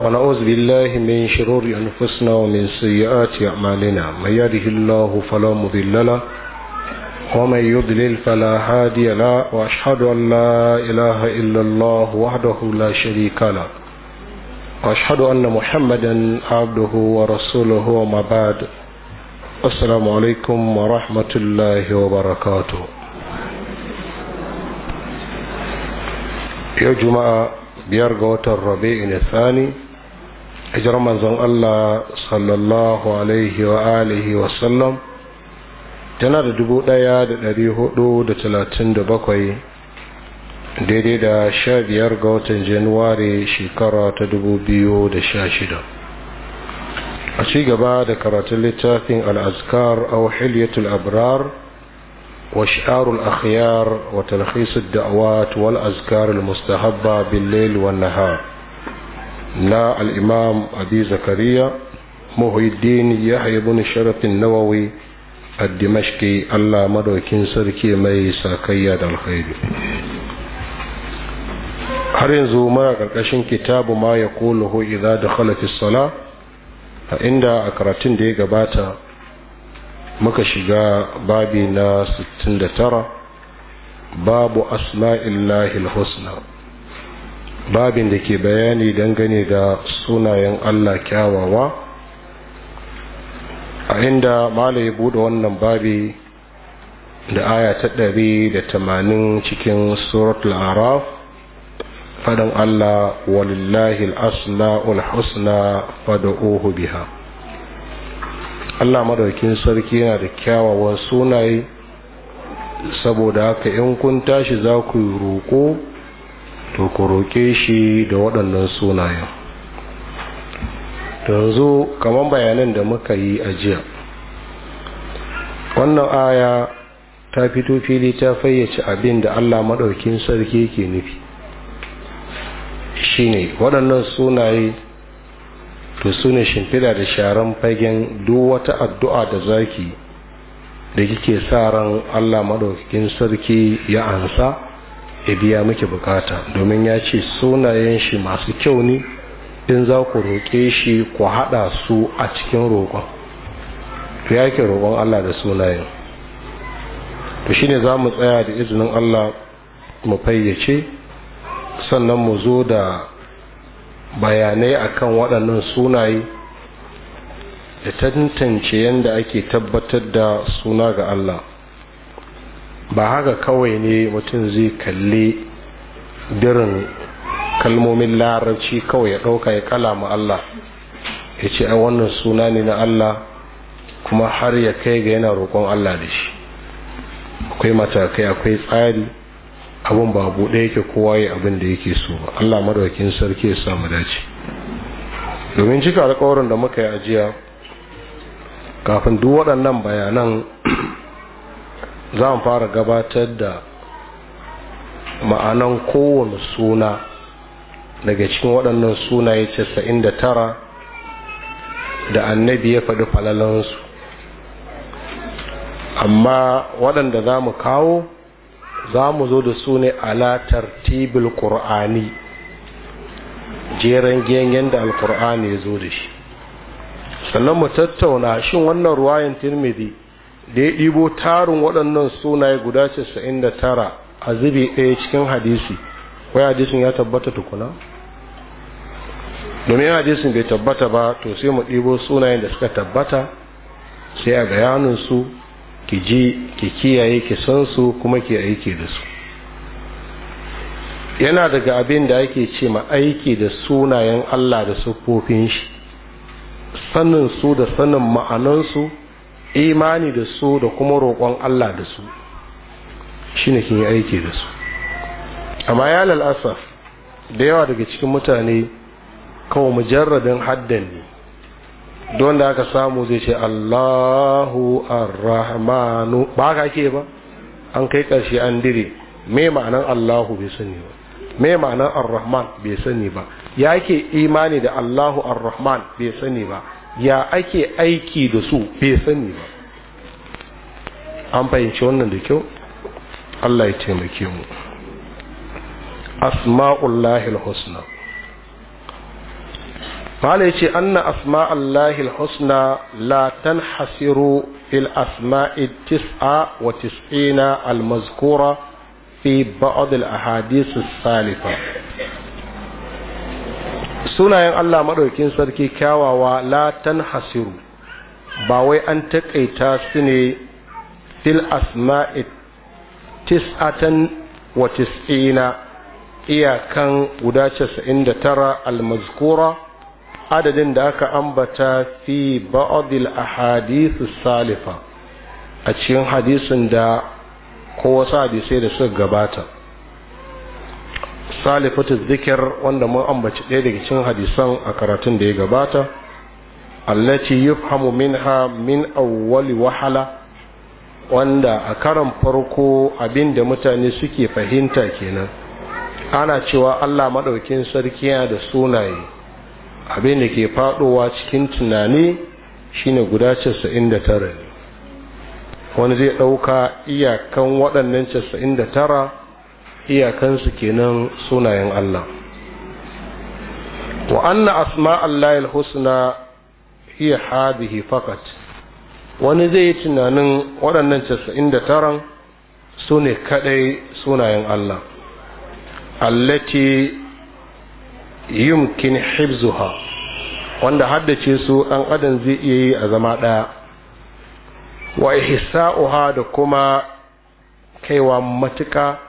ونعوذ بالله من شرور أنفسنا ومن سيئات أعمالنا من يهده الله فلا مضل له ومن يضلل فلا هادي له وأشهد أن لا إله إلا الله وحده لا شريك له وأشهد أن محمدا عبده ورسوله وما بعد السلام عليكم ورحمة الله وبركاته يا جماعة بيرجع الربيع الثاني hijirar manzon Allah sallallahu alaihi wa alihi wa sallam tana da dubu ɗaya da dari hudu da talatin da bakwai daidai da sha biyar ga watan januwari shekara ta dubu biyu da sha shida a ci gaba da karatun littafin al'azkar a wahiliyatul abrar wa sha'arul Akhiyar wa talhisul da'awat wal azkar al mustahabba bil lail wan nahar na al'imam abi zakariya muhuddin ya haibun sharafin nawawi a dimashki allah madaukin sarki mai sakayya da alkhairi har yanzu muna karkashin kitabu ma ya kuluhu idza da khalafi sala a inda a karatun da ya gabata muka shiga babi na 69 babu asma'illahi husna babin da ke bayani dangane da sunayen Allah kyawawa a inda mala ya bude wannan babi da aya ta ɗari da tamanin cikin suratul araf faɗin Allah walillahi al'asna'ul fada fada'uhu biha Allah madaukin sarki yana da kyawawan sunaye saboda haka in kun tashi za ku roƙo to ku roƙe shi da waɗannan sunayen yanzu kamar bayanan da muka yi a jiya wannan aya ta fito fili ta fayyace abin da allah maɗaukin sarki ke nufi shine waɗannan sunaye to su ne shimfida da sharan fagen duk wata addu'a da zaki da kike sa ran allah maɗaukin sarki ya ansa ya biya miki bukata domin ya ce sunayen shi masu kyau ne in za ku roƙe shi ku haɗa su a cikin roƙon to ya ke roƙon Allah da sunayen to shi ne za mu tsaya da izinin Allah mu fayyace sannan mu zo da bayanai a kan waɗannan sunaye da tantance yadda ake tabbatar da suna ga Allah ba haka kawai ne mutum zai kalli dirin kalmomin larabci kawai ya ɗauka ya kalama Allah ya ce ai wannan suna ne na Allah kuma har ya kai ga yana roƙon Allah da shi akwai matakai akwai tsari abin ba buɗe yake kowa yi abin da yake so ba Allah madaukin sarki ya samu dace domin cika alƙawarin da muka yi ajiya kafin duk waɗannan bayanan za mu fara gabatar da ma'anan kowane suna daga cikin waɗannan sunaye casa'in da tara da annabi ya faɗi falalansu amma waɗanda za mu kawo za mu zo da su ne alatar tartibul ƙur'ani jeren gengen da alƙur'ani ya zo da shi sannan mu tattauna shin wannan ruwayan tirmidhi da ya ɗibo tarin waɗannan sunaye guda casa'in da tara a zubi ɗaya cikin hadisi wai hadisin ya tabbata tukuna domin hadisin bai tabbata ba to sai mu ɗibo sunayen da suka tabbata sai a bayanin su ki ji ki kiyaye ki san su kuma ki aiki da su yana daga abin da ake ce ma aiki da sunayen Allah da siffofin shi sanin su da sanin ma'anansu imani da su da kuma roƙon Allah da su shi ne kin yi aiki da su amma ya lalasaf da yawa daga cikin mutane kawo mujarradin haddan ne don da aka samu zai ce Allahu an rahmanu ba ka ke ba an kai ƙarshe an dire me ma'anan Allahu bai sani ba me ma'anar an rahman bai sani ba ya ke imani da Allahu arrahman rahman bai sani ba ya ake aiki da su bai sani ba an fahimci wannan da kyau Allah ya taimake mu asma'ullahil husna Malai ce anna asma'ullahil husna la tanhasiru fil asma'i tis'a wa tis'ina al-mazkura fi ba'd al-ahadith as-salifa sunayen Allah maɗaukin sarki kyawawa latan hasiru ba wai an taƙaita su ne fil asma'i tis'atan wa tis'ina iyakan guda casa'in da tara almazkura adadin da aka ambata fi ba'adil hadisu salifa a cikin hadisin da ko hadisai da suka gabata salifatu zikir wanda mun ambaci ɗaya daga cikin hadisan a karatun da ya gabata allati yufhamu minha min awwali wahala wanda a karan farko abin da mutane suke fahimta kenan ana cewa Allah maɗaukin sarki ya da sunaye abin da ke faɗowa cikin tunani shine guda 99 wani zai ɗauka iyakan waɗannan 99 iyakansu kenan sunayen Allah wa anna asma'allahi al-husna hiya hadhihi faqat wani zai yi tunanin waɗannan casa'in da taron su ne kaɗai sunayen Allah allati yumkin hibzuha wanda haddace su ɗan adam zai iya yi a zama ɗaya wa ihsa'uha da kuma kaiwa matuƙa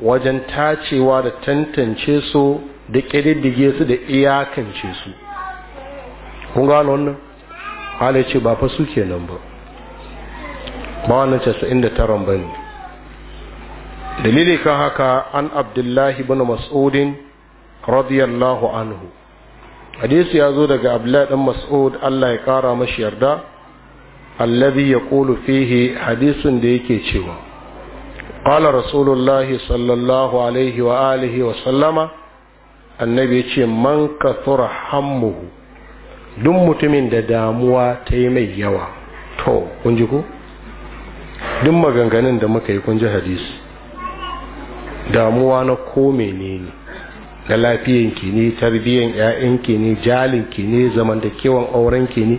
wajen tacewa da tantance su da ƙididdige su da iyakance su kun gano wannan hala ce ba fa su kenan ba ba wannan casa'in da taron ba ne dalili kan haka an abdullahi bin mas'udin radiyallahu anhu hadisi ya zo daga abdullahi bin mas'ud allah ya kara mashi yarda allazi yaqulu fihi hadisin da yake cewa قال رسول الله صلى الله عليه وآله annabi ya ce man kathura hammuhu duk mutumin da damuwa ta yi mai yawa to kun ji ko duk maganganun da muka yi kun ji hadisi damuwa na ko menene na lafiyanki ne tarbiyyan ƴaƴanki ne jalinki ne zamantakewan aurenki ne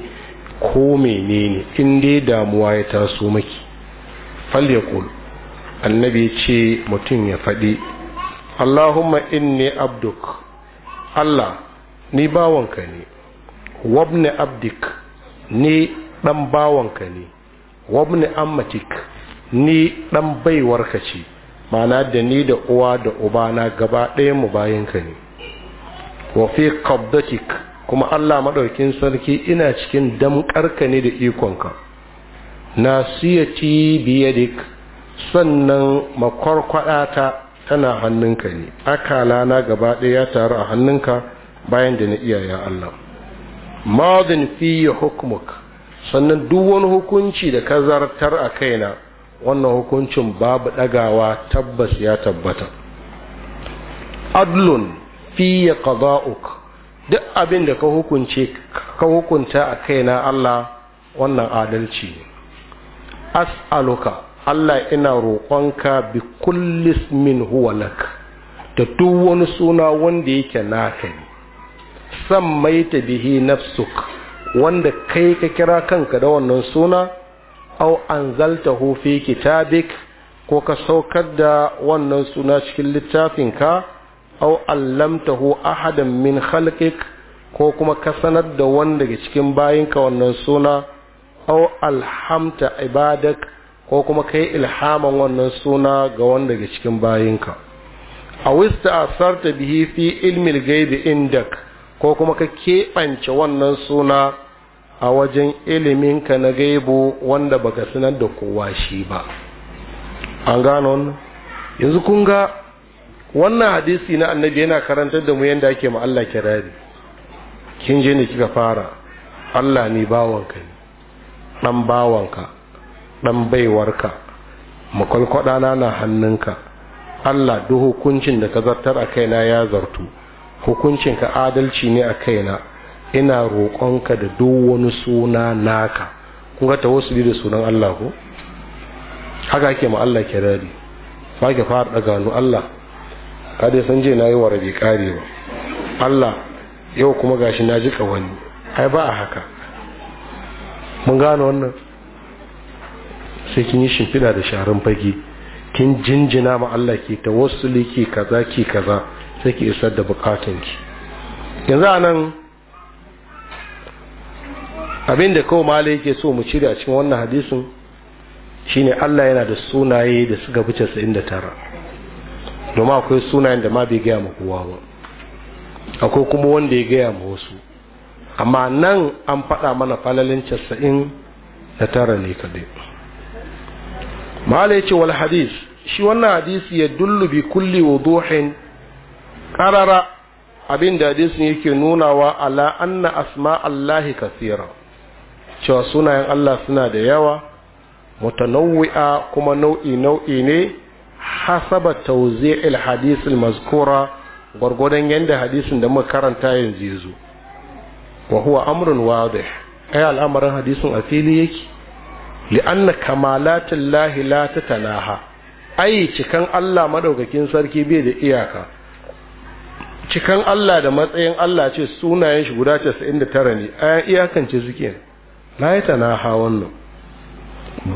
ko menene in dai damuwa ya taso maki fal yaqul annabi ya ce mutum ya faɗi allahumma inni abduk allah ni bawanka ne wabni abdik ni ɗan bawanka ne wabni ammatik ni ɗan baiwarka ce mana da ni da uwa da uba na gaba ɗaya mu bayanka ne wa fi kuma allah maɗaukin sarki ina cikin damƙarka ne da ikonka Na nasiyati biyadik sannan makwarkwaɗata tana hannunka ne akala na gaba ɗaya ya taru a hannunka bayan da na iya ya Allah madin fiye hukumuk sannan duk wani hukunci da ka zartar a kaina wannan hukuncin babu ɗagawa tabbas ya tabbata adlun fiye qada'uk duk abin da ka hukunce ka hukunta a kaina Allah wannan adalci ne as'aluka Allah ina roƙonka bi kullis min huwa lak da duk wani suna wanda yake naka ne san maita bihi nafsuk wanda kai ka kira kanka da wannan suna au anzaltahu fi kitabik ko ka saukar da wannan suna cikin littafinka au allamtahu ahadan min khalqik ko kuma ka sanar da wanda daga cikin bayinka wannan suna au alhamta ibadak ko kuma kai ilhaman wannan suna ga wanda daga cikin bayinka a wista asarta bihi fi ilmil gaibi indak ko kuma ka keɓance wannan suna a wajen iliminka na gaibu wanda baka sanar da kowa shi ba an gano yanzu kun ga wannan hadisi na annabi yana karantar da mu yadda ake ma Allah kirari kin je ne kika fara Allah ni bawanka ne dan bawanka ɗan baiwarka makwalkwaɗana na hannunka allah duk hukuncin da ka zartar a kaina ya zartu ka adalci ne a kaina ina roƙonka da duk wani suna naka kun ga wasu da sunan allah ko haka ake ma allah kirari ba ke fara daga nu allah ka dai san je na yi wa rabi kare ba allah yau kuma gashi na ji wani ai ba a haka mun gane wannan sai kin yi shimfiɗa da sharan fage kin jinjina ma Allah ke ta wasu liki kaza ki kaza sai ki isar da ki yanzu anan abin da kawai mala yake so mu cire a cikin wannan hadisin shine Allah yana da sunaye da suka fi tara domin akwai sunayen da ma bai gaya ma kowa ba akwai kuma wanda ya gaya ma wasu amma nan an faɗa mana falalin tara ne kaɗai. ya ce wal hadis shi wannan hadisi ya dullu bi kulli wuduhin qarara abin da hadisin yake nunawa ala anna asma allahi kasira cewa sunayen Allah suna da yawa mutanawwi'a kuma nau'i nau'i ne hasaba tawzi'il hadisi mazkura gwargwadon yanda hadisin da muka karanta yanzu yazo wa huwa amrun wadih ai al'amarin hadisin a fili yake li'anna kamalatin lahi la ai cikan Allah madaukakin sarki bai da iyaka cikan Allah da matsayin Allah ce sunayen shi guda 99 ne ayan iyakance suke la ya tanaha wannan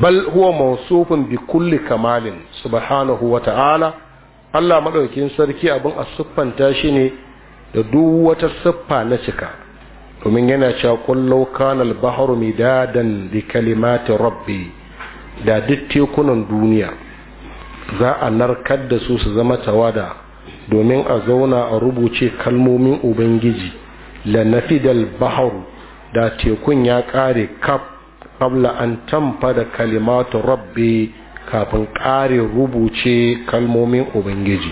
bal huwa mawsufun bi kulli kamalin subhanahu wa ta'ala Allah madaukakin sarki abin a shi ne da duk wata siffa na cika domin yana cewa kullau kana al-bahru midadan li kalimati rabbi da duk tekunan duniya za a narkar da su su zama tawada domin a zauna a rubuce kalmomin ubangiji la nafidal bahru da tekun ya kare kaf qabla an tamfa da kalimatu rabbi kafin kare rubuce kalmomin ubangiji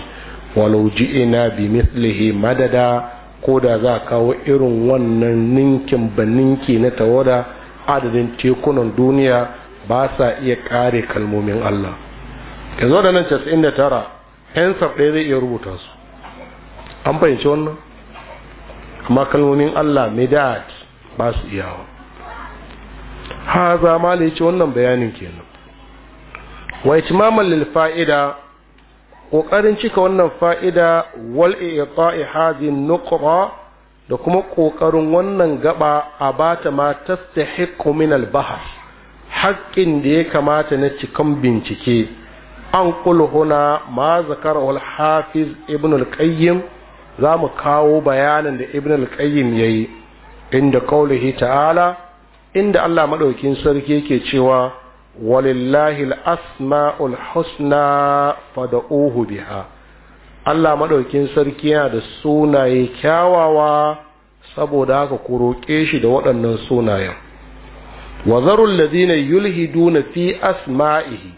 walau ji'ina bi mithlihi madada ko da za a kawo irin wannan ninkin ba ninki na tawada adadin tekunan duniya ba sa iya kare kalmomin Allah yanzu da nan 99 'yan ɗaya zai iya rubuta su an fahimci wannan amma kalmomin Allah medad ba su iyawa ha za ma wannan bayanin kenan wa itimaman lil fa'ida ƙoƙarin cika wannan fa'ida wal iqa'i hadin nuqra da kuma ƙoƙarin wannan gaba a bata ma tastahiqqu min al haƙƙin da ya kamata na cikan bincike an huna ma zakar al hafiz ibn al qayyim za mu kawo bayanin da ibn al qayyim yayi inda qaulihi ta'ala inda Allah maɗaukin sarki yake cewa walillahi al-asma'ul husna fad'uhu biha Allah maɗaukin sarki yana da sunaye kyawawa saboda haka ku roƙe shi da waɗannan sunayen wa zarul ladina yulhiduna fi asma'ihi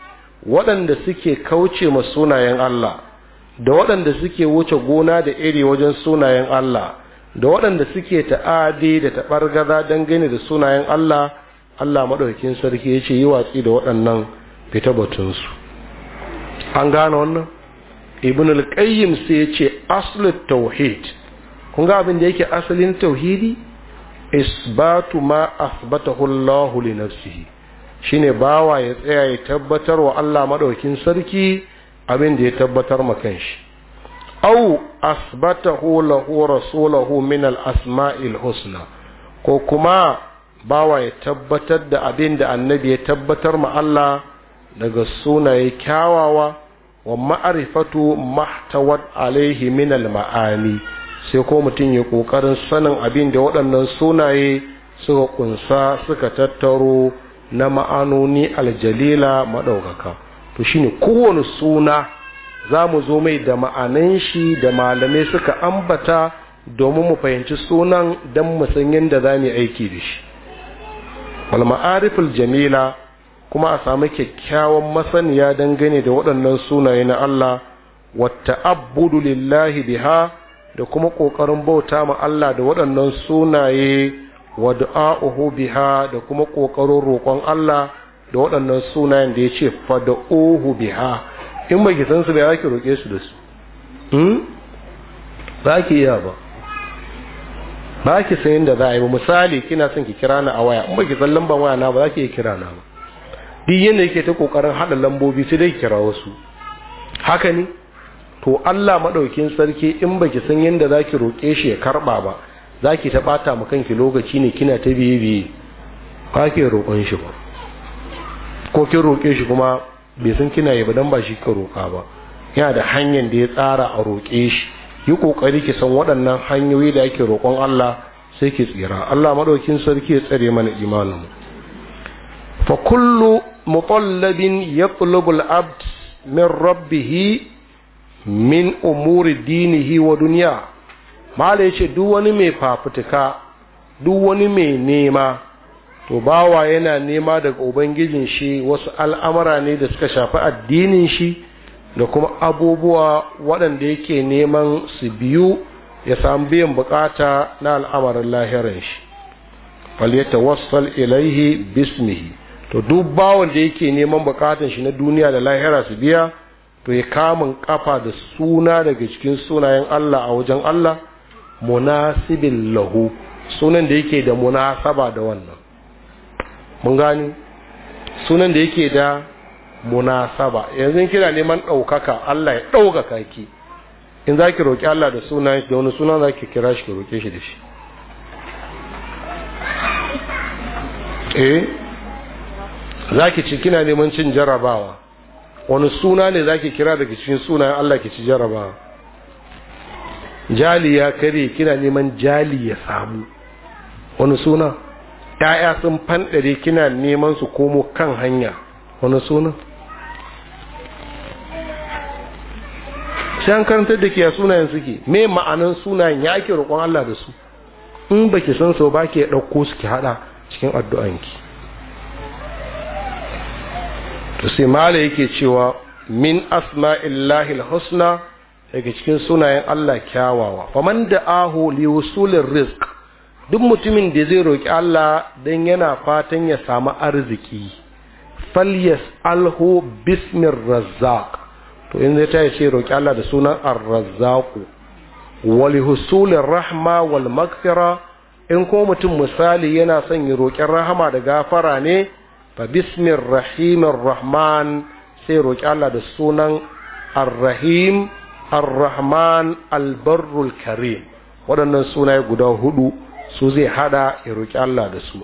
waɗanda suke kauce ma sunayen Allah da waɗanda suke wuce gona da iri wajen sunayen Allah da waɗanda suke ta'adi da taɓargaza dangane da sunayen Allah Allah maɗaukin sarki ya ce yi watsi da waɗannan fita batunsu an gane wannan ibn al-qayyim sai ya ce aslu tauhid kun ga abin da yake asalin tauhidi isbatu ma asbatahu Allah li nafsihi shine bawa ya tsaya ya tabbatar wa Allah maɗaukin sarki abin da ya tabbatar ma kanshi Au asbatahu lahu rasulahu min al-asma'il husna ko kuma bawa ya tabbatar da abin da annabi ya tabbatar ma Allah daga sunaye kyawawa wa ma'arifatu mahtawat alaihi min maani sai ko mutum ya kokarin sanin abin da waɗannan sunaye suka kunsa suka tattaro na ma'anoni aljalila maɗaukaka to shine kowane suna za mu zo mai da ma'anan shi da malamai suka ambata domin mu fahimci sunan don mu san yadda za mu aiki da shi wal ma'ariful jamila kuma a samu kyakkyawan masaniya dangane da waɗannan sunaye na Allah wata abudu lillahi biha da kuma ƙoƙarin bauta ma Allah da waɗannan sunaye wa du'a'uhu biha da kuma ƙoƙarin roƙon Allah da waɗannan sunayen da ya ce fada'uhu biha in ba ki san su ba ki roƙe su da su hmm? za ki iya ba ba ki san yadda za a yi ba misali kina son ki kira na a waya in ba ki san lambar waya na ba za ki iya kira na ba duk yadda yake ta kokarin haɗa lambobi sai dai kira wasu haka ne to Allah maɗaukin sarki in baki san yadda za ki roƙe shi ya karɓa ba za ki ta ɓata ma kanki lokaci ne kina ta biye biye ba ki roƙon shi ba ko ki roƙe shi kuma bai san kina yi ba don ba shi ka roƙa ba yana da hanyar da ya tsara a roƙe shi yi kokari ki san waɗannan hanyoyi da ake roƙon Allah sai ki tsira Allah madaukin sarki ya tsare mana imanin mu fa kullu mutallabin yatlubu al-abd min rabbih min umuri dinihi wa dunya mala yace duk wani mai fafutuka duk wani mai nema to bawa yana nema daga ubangijin shi wasu al'amara ne da suka shafi addinin shi da kuma abubuwa waɗanda yake neman su biyu ya samu biyan bukata na al'amarin lahirin shi falyata wasal ilaihi bismihi to duk bawon da yake neman bukatan shi na duniya da lahira su biya to ya kamun kafa da suna daga cikin sunayen Allah a wajen Allah munasibin lahu sunan da yake da munasaba da wannan mun gani sunan da yake da munasaba yanzu kina neman ɗaukaka Allah ya ɗaukaka ki in za ki roƙi Allah da sunan da wani sunan za ki kira shi ki roƙe shi da shi eh za ki ci kina neman cin jarabawa wani suna ne za ki kira daga cikin sunayen Allah ki ci jarabawa jali ya kare kina neman jali ya samu wani suna ‘ya'ya sun fanɗare kina neman su komo kan hanya wani suna sai an karanta da ke a sunayen suke me ma'anan sunayen ya ake roƙon Allah da su in ba ki san so ba ki ɗauko su ki haɗa cikin addu'anki to sai mala yake cewa min asma'illahi husna daga cikin sunayen Allah kyawawa man da aho li wusulin rizq duk mutumin da zai roƙi Allah dan yana fatan ya samu arziki falyas alhu bismir razzaq to in zai tashi ce roƙi Allah da sunan ar-razzaq wal husulir rahma wal magfira in ko mutum misali yana son ya roƙin rahama da gafara ne fa bismir rahimir rahman sai roƙi Allah da sunan Arrahim rahim ar-rahman karim waɗannan sunaye guda hudu su zai hada ya roƙi Allah da su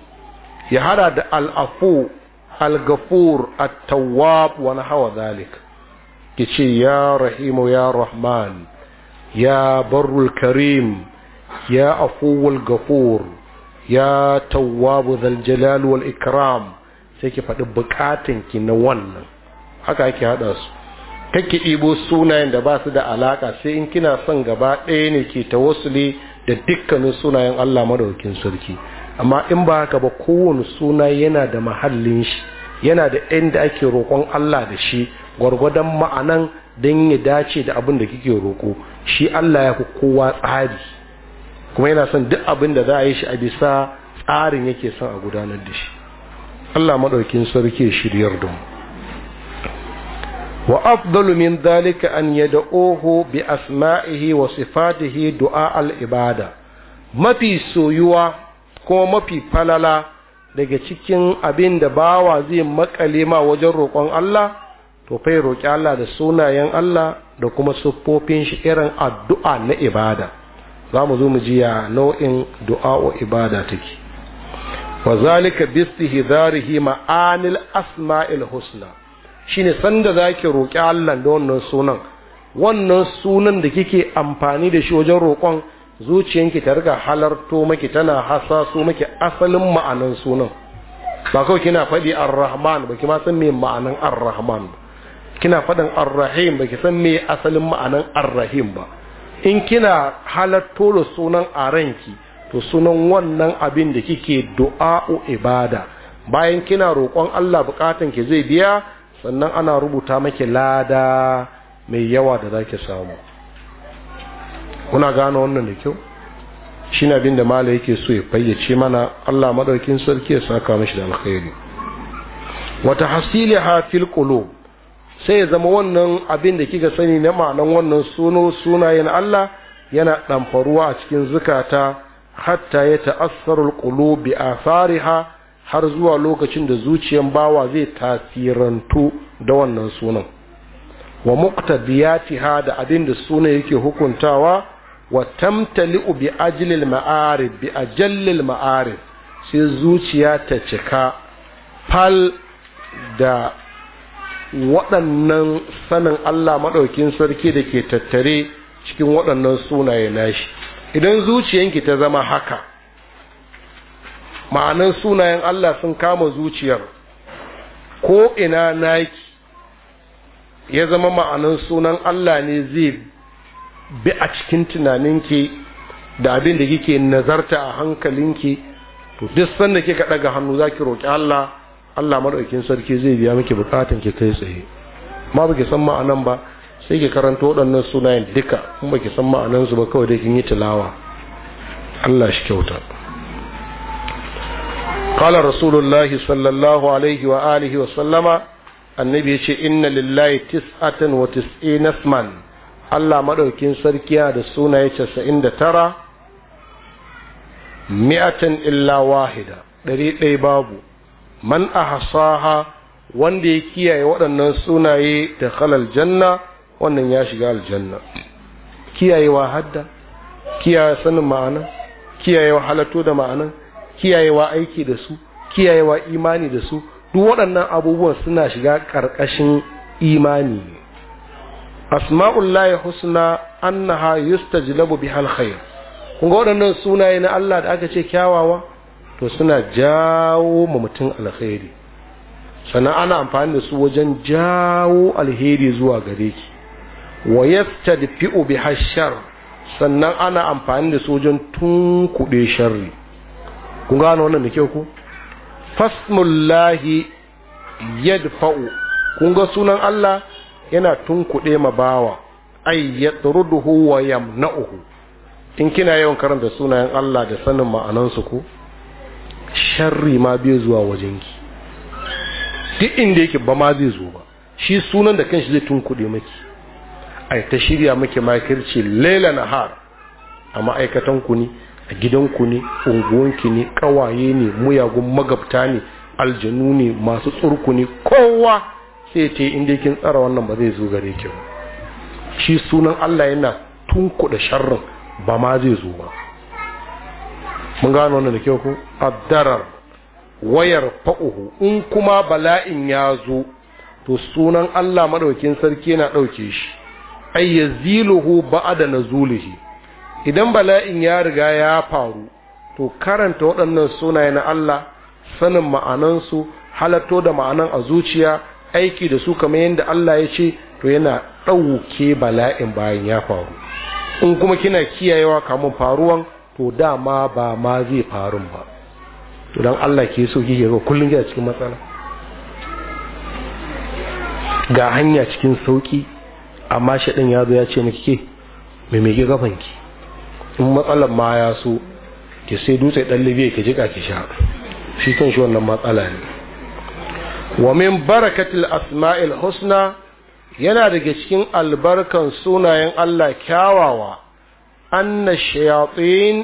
ya hada da al'afu al-gafur at-tawwab wa hawa zalik ki ce ya rahimu ya rahman ya barul karim ya afuwal gafur ya tawwabu zal jalaluwal wal ikram sai ki faɗi buƙatun ki na wannan haka ake haɗa su kake ibo sunayen da ba su da alaƙa sai in kina son gaba ɗaya ne ke ne da dukkanin sunayen Allah madaukin sarki amma in ba haka ba kowane suna yana da mahallin shi yana da inda ake roƙon Allah da shi gwargwadon ma'anan don ya dace da abin da kike roƙo shi Allah ya fi kowa tsari kuma yana son duk abin da za a yi shi a bisa tsarin yake son a gudanar da shi Allah maɗaukin sarki shiryar don wa afdalu min zalika an yad'uhu bi asma'ihi wa sifatihi du'a al-ibada mafi soyuwa ko mafi falala daga cikin abin da bawa zai makale ma wajen roƙon Allah to fa roƙi Allah da sunayen Allah da kuma siffofin shi irin addu'a na ibada za mu zo mu ji ya nau'in wa ibada take wa zalika bi istihdarihi ma'anil asma'il husna shine sanda zaki roƙi Allah da wannan sunan wannan sunan da kike amfani da shi wajen roƙon zuciyanki ta riga halarto maki tana hasaso maki asalin ma'anan sunan ba kawai kina faɗi ar-rahman ba ki ma san me ma'anan ar-rahman ba kina faɗin arrahim ba ki san me asalin ma'anan arrahim ba in kina halatto da sunan aranki to sunan wannan abin da kike du'a'u ibada bayan kina roƙon Allah bukatan ki zai biya sannan ana rubuta maki lada mai yawa da zaki samu kuna gano wannan da kyau shine abin da mala yake so ya fayyace mana Allah madaukin sarki ya saka mishi da alkhairi wa tahsilha fil qulub sai ya zama wannan abin da kika sani na ma'anan wannan suno sunayen Allah yana ɗamfaruwa a cikin zukata hatta ya ta'assarul qulub a fariha har zuwa lokacin da zuciyan bawa zai tasirantu da wannan sunan wa muqtadiyatiha da abin da sunan yake hukuntawa wa tamtali'u bi ajlil ma'arif bi ajallil ma'arif sai zuciya ta cika fal da waɗannan sanin Allah maɗaukin sarki da ke tattare cikin waɗannan sunaye nashi idan zuciyanki ta zama haka ma'anan sunayen Allah sun kama zuciyar ko ina naki ya zama ma'anan sunan Allah ne zai bi a cikin tunaninki da abin da kike nazarta a hankalinki to duk sanda kika daga hannu zaki roki Allah Allah madaukakin sarki zai biya miki bukatun ki kai tsaye ma baki san ma'anan ba sai ki karanta waɗannan sunayen duka in baki san ma'anan su ba kawai dai kin yi tilawa Allah shi kyauta qala rasulullahi sallallahu alaihi wa alihi wa sallama annabi yace inna lillahi tis'atan wa tis'ina asman Allah madaukakin sarki ya da sunaye 99 mi'atan illa wahida ɗari ɗaya babu man ahsaha wanda ya kiyaye waɗannan sunaye da khalal janna wannan ya shiga aljanna kiyayewa hadda kiyaye sanin ma'ana kiyayewa halatto da ma'ana kiyayewa aiki da su kiyayewa imani da su duk waɗannan abubuwan suna shiga ƙarƙashin imani Asma'ul asma'ullahi husna annaha yustajlabu bihal khair kun ga waɗannan sunaye na Allah da aka ce kyawawa to suna jawo ma mutum alheri sannan ana amfani da su wajen jawo alheri zuwa gare ki wa fi'u bi hashar sannan ana amfani da su wajen tunkuɗe sharri kun gano wannan da kyau ku fasmullahi yadfa'u kun ga sunan Allah yana tunkuɗe ma bawa ay yatruduhu wa yamna'uhu in kina yawan karanta sunayen Allah da sanin ma'anansu ku sharri ma bai zuwa wajen ki, duk inda yake ba ma zai zo ba shi sunan da kanshi zai tunkuɗe maki ai ta shirya maki makirci laila nahar a ma'aikatan ku ne a gidanku ne unguwanki ne ƙawaye ne muyagun magabta ne aljanu ne masu tsurku ne kowa sai ta yi inda kin tsara wannan ba zai zo gare ki ba shi sunan Allah yana tunkuɗe sharrin ba ma zai zo ba mun gano wannan da kyau ku addarar wayar fa'uhu in kuma bala'in ya zo to sunan Allah madaukin sarki yana dauke shi ay yaziluhu ba'da nazulihi idan bala'in ya riga ya faru to karanta waɗannan sunaye na Allah sanin ma'anan su halatto da ma'anan a zuciya aiki da su kamar yadda Allah ya ce to yana ɗauke bala'in bayan ya faru in kuma kina kiyayewa kamun faruwan to dama ba ma zai faru ba to dan Allah ke so kike ga kullun ga cikin matsala ga hanya cikin sauki amma shaɗin ya zo ya ce miki ke mai mai gafanki in matsalar ma ya so ki sai dutse ɗan libya ki jika ki sha shi kan shi wannan matsala ne wa min barakatil asma'il husna yana daga cikin albarkan sunayen Allah kyawawa anna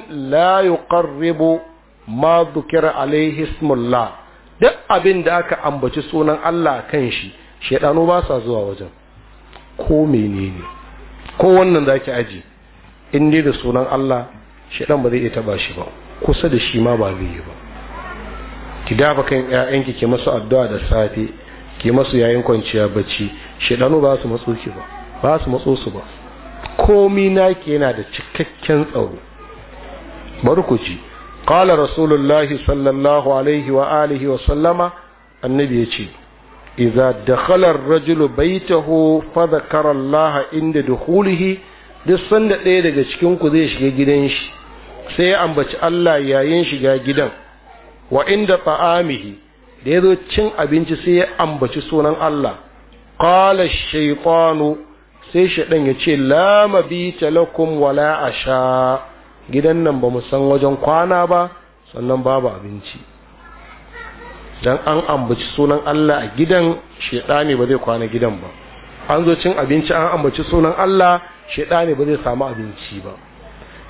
لا يقرب ما ذكر عليه اسم الله duk abin da aka ambaci sunan Allah kan shi shedanu ba sa zuwa wajen ko menene ko wannan zaki aji in dai da sunan Allah shedan ba zai iya taba shi ba kusa da shi ma ba zai yi ba ki dafa kan ƴaƴanki ki masu addu'a da safe ki masu yayin kwanciya bacci shedanu ba su matso ki ba ba su matso su ba komi naki yana da cikakken tsaro bari ku ji qala rasulullahi sallallahu alaihi wa alihi wa sallama annabi yace idza dakhala ar-rajulu baytahu fa dhakara Allah inda dukhulihi duk sanda ɗaya daga cikin ku zai shiga gidan shi sai ya ambaci Allah yayin shiga gidan wa inda ta'amihi da yazo cin abinci sai ya ambaci sunan Allah qala ash-shaytanu sai shaɗan ya ce lama bi talakum wala asha gidan nan ba san wajen kwana ba sannan babu abinci Don an ambaci sunan Allah a gidan shaɗani ba zai kwana gidan ba an zo cin abinci an ambaci sunan Allah shaɗani ba zai samu abinci ba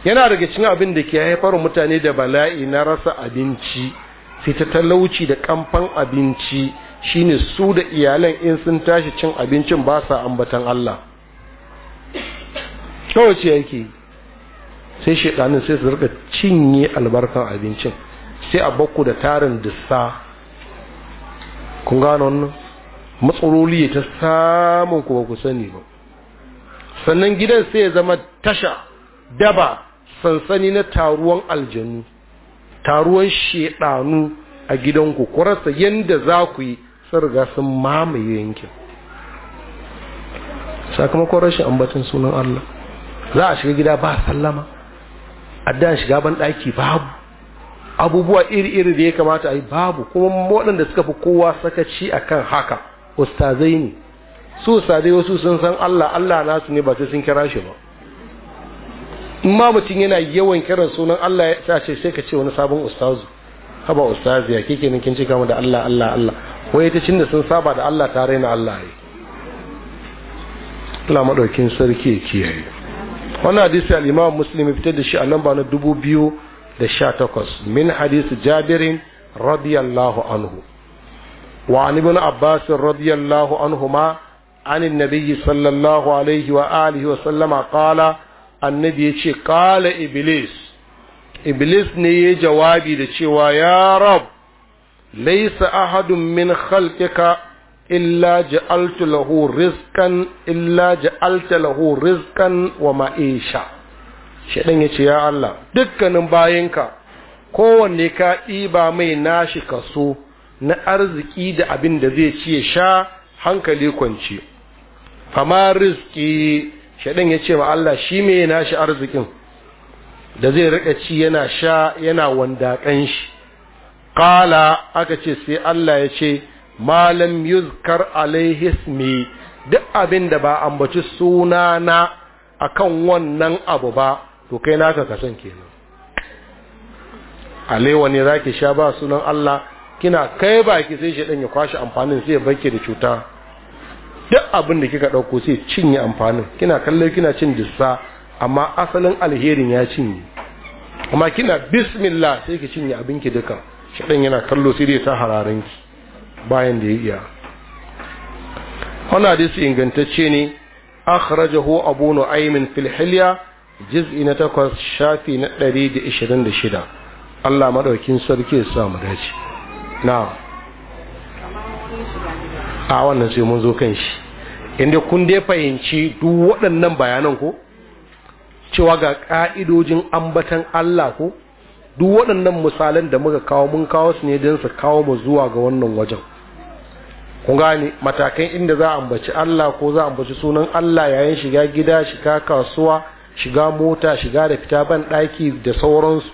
yana daga cin abin da ke haifar mutane da bala'i na rasa abinci fita talauci da kamfan abinci shine su da iyalan in sun tashi cin abincin ba sa ambatan Allah kawace yake yi sai shekanin sai su rika cinye albarkan abincin sai a bakku da tarin dissa kun gano wannan matsaloli ta samun ku ku sani ba sannan gidan sai ya zama tasha daba sansani na taruwan aljanu taruwan shedanu a gidanku ku yadda za ku yi sun riga sun mamaye yankin sakamakon rashin ambatin sunan Allah za a shiga gida ba sallama adda shiga ban daki babu abubuwa iri-iri da ya kamata a yi babu kuma waɗanda suka fi kowa sakaci akan haka ustazai ne su ustazai wasu sun san Allah Allah nasu ne ba sai sun kira shi ba in ma mutum yana yawan kiran sunan Allah ya sace sai ka ce wani sabon ustazu haba ustazu ya kike nan kin cika kama da Allah Allah Allah wai ta cin da sun saba da Allah ta raina Allah yi. Allah madaukin sarki ya kiyaye wannan hadisi al-imam muslim fitar da shi a lamba na dubu biyu da sha takwas min hadisi jabirin radiyallahu anhu wa an ibn abbas radiyallahu anhuma عن النبي صلى الله عليه wa وسلم قال annabi yace ce ƙala iblis iblis ne ya jawabi da cewa ya rab laisa ahadun min khalqika illa ja'altu lahu rizqan illa ja'alta lahu rizqan wa ma'isha shedan yace ya Allah dukkanin bayinka kowanne ka ɗiba mai nashi kaso na arziki da abin da zai ci ya sha hankali kwance fama rizki shaɗan ya ce ma Allah shi mai nashi arzikin da zai rika ci yana sha yana kan shi ƙala aka ce sai Allah ya ce malam yuzkar alaihi ismi duk abin da ba ambaci sunana akan wannan abu ba to kai naka kasan kenan alewa ne zaki sha ba sunan Allah kina kai baki sai shedan ya kwashe amfanin sai ya barke da cuta duk abin da kika ɗauko sai cinye amfanin kina kallo kina cin dissa amma asalin alherin ya cinye amma kina bismillah sai ki cinye abinki duka shedan yana kallo sai dai sa hararanki. bayan da ya iya wani hadisi ingantacce ne akhrajahu abu nu'aymin fil hilya juz'i na takwas shafi na 126 Allah madaukin sarki ya sa mu dace na a wannan sai mun zo kan shi inda kun dai fahimci duk waɗannan bayanan ko cewa ga ƙa'idojin ambatan Allah ko duk waɗannan misalan da muka kawo mun kawo su ne don su kawo mu zuwa ga wannan wajen kun gane matakan inda za a ambaci Allah ko za a ambaci sunan Allah yayin shiga gida shiga kasuwa shiga mota shiga da fita ban daki da sauransu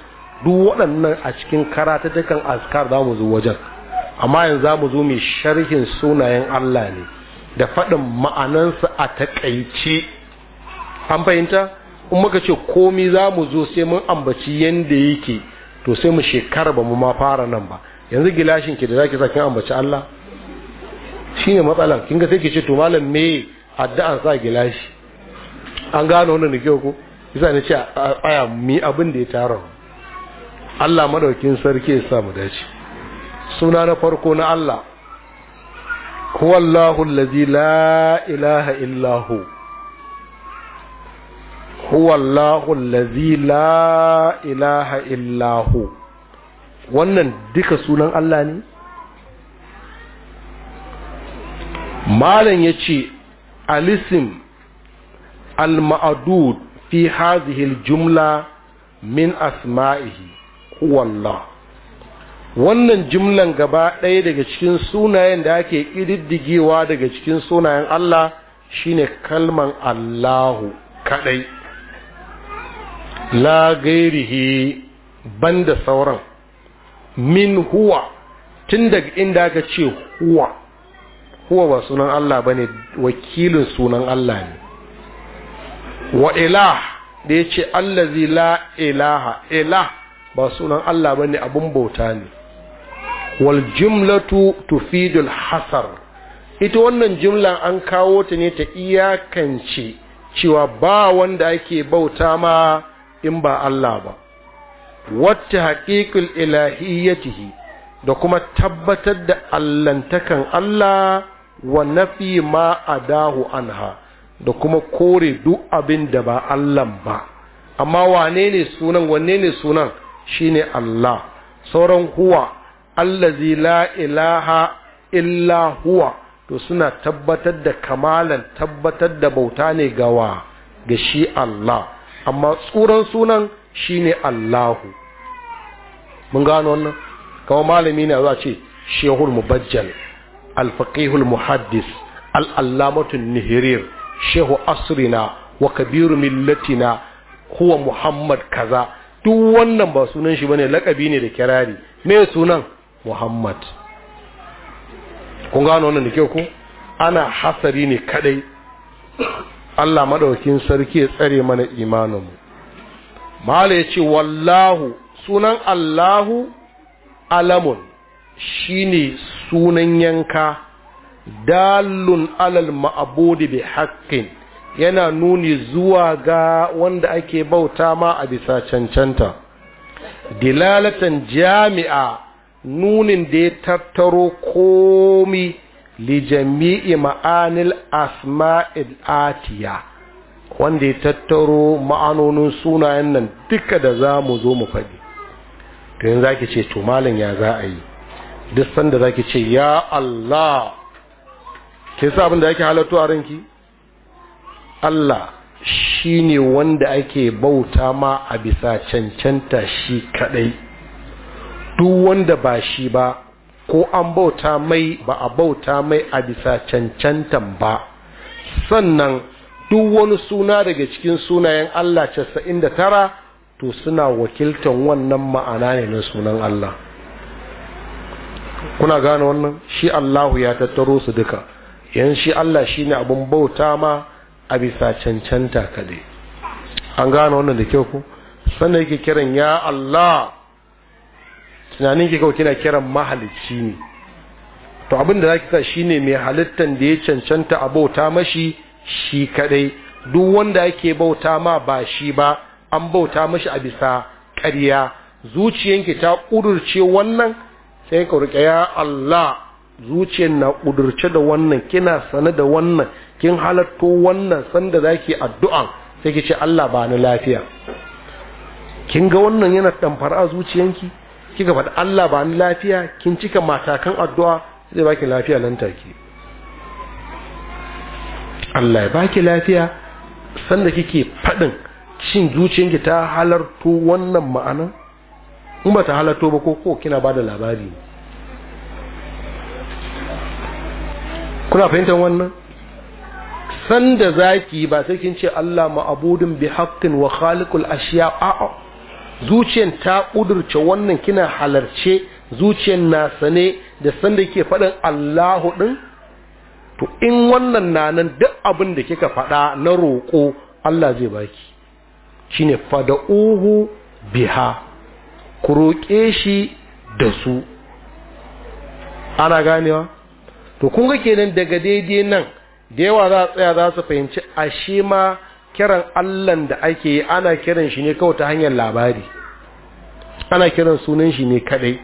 duk waɗannan a cikin karatatakan askar za mu zo wajen amma yanzu za mu zo mai sharhin sunayen Allah ne da faɗin ma'anansa a taƙaice an fahimta in muka ce komi za mu zo sai mun ambaci yanda yake to sai mu shekara ba mu ma fara nan ba yanzu gilashin ki da zaki sa ambaci Allah shine matsalan kin ga sai ki ce to malam me addu'an sa gilashi an gano wannan nake ko yasa ne ce a tsaya mi abin da ya tara Allah madaukin sarki ya sa mu dace suna na farko na Allah huwallahu allazi la ilaha illa hu huwallahu allazi la ilaha illa hu wannan duka sunan Allah ne malam ya ce alisim al-ma'adud fi hazihil jumla min asma'ihi wallah wannan jumlan gaba ɗaya daga cikin sunayen da ake ƙididdigewa daga cikin sunayen Allah shine kalman Allahu kaɗai la gairihi banda sauran min huwa tun daga inda aka ce huwa huwa ba sunan Allah bane wakilin sunan Allah ne wa ilah da ya ce allazi la ilaha ilah ba sunan Allah bane abun bauta ne wal jumlatu tufidul hasar ita wannan jumla an kawo ta ne ta iyakance cewa ba wanda ake bauta ma in ba Allah ba wata haƙiƙul ilahiyyatihi da kuma tabbatar da allantakan Allah wa nafi ma adahu anha da kuma kore duk abin da ba Allah ba amma wane ne sunan wanne ne sunan shine Allah sauran huwa allazi la ilaha illa huwa to suna tabbatar da kamalan tabbatar da bauta ne gawa ga shi Allah amma tsuran sunan shine Allahu mun gano wannan kawai malami ne za a ce shehul mubajjal alfaqihul muhaddis al'allamatun nihirir shehu asrina wa kabiru millatina huwa muhammad kaza duk wannan ba sunan shi bane lakabi ne da kirari me sunan muhammad kun gano wannan da kyau ko ana hasari ne kadai Allah madaukin sarki ya tsare mana imaninmu mala ya wallahu sunan allahu alamun shine sunan yanka dalun alal ma'abudi bi haqqin yana nuni zuwa ga wanda ake bauta ma a bisa cancanta dilalatan jami'a nunin da ya tattaro komi li jami'i ma'anil asma'il atiya wanda ya tattaro ma'anonin sunayen nan duka da za mu zo mu faɗi to yanzu ake ce to malam ya za a yi duk sanda zaki ce ya Allah ke sa abin da yake halatto a ranki Allah shine wanda ake bauta ma a bisa cancanta shi kadai duk wanda ba shi ba ko an bauta mai ba a bauta mai a bisa cancantan ba sannan duk wani suna daga cikin sunayen Allah 99 to suna wakiltan wannan ma'ana ne na sunan Allah kuna gane wannan shi Allahu ya tattaro su duka yan shi Allah ne abun bauta ma a bisa cancanta kadai an gane wannan da kyau ku sannan yake kiran ya Allah tunanin ki kawai kina kiran mahalicci ne to abin da zaki sa shine mai halittan da ya cancanta a bauta mashi shi kadai duk wanda yake bauta ma ba shi ba an bauta mashi a bisa ƙarya zuciyanki ta ƙudurce wannan sai ka rike ya Allah zuciyar na kudurce da wannan kina sane da wannan kin halatto wannan sanda zaki addu'a sai ki ce Allah ba ni lafiya kin ga wannan yana tamfar a zuciyanki ga faɗi Allah ba ni lafiya kin cika matakan addu'a zai baki lafiya nan take Allah ya baki lafiya sanda kike faɗin cin zuciyanki ta halarto wannan ma'anan in ba ta halatto ba ko kina ba da labari kuna fahimtar wannan sanda zaki ba sai kin ce Allah ma'abudun bi haqqin wa khaliqul ashiya a'a zuciyan ta kudurce wannan kina halarce zuciyar na sane da sanda yake faɗin Allahu din to in wannan na nan duk abin da kika faɗa na roƙo Allah zai baki shine fada'uhu biha ku roƙe shi da su ana ganewa to kun ga kenan daga daidai nan da yawa za a tsaya za su fahimci ashe ma kiran allan da ake yi ana kiran shi ne kawai ta hanyar labari ana kiran sunan shi ne kadai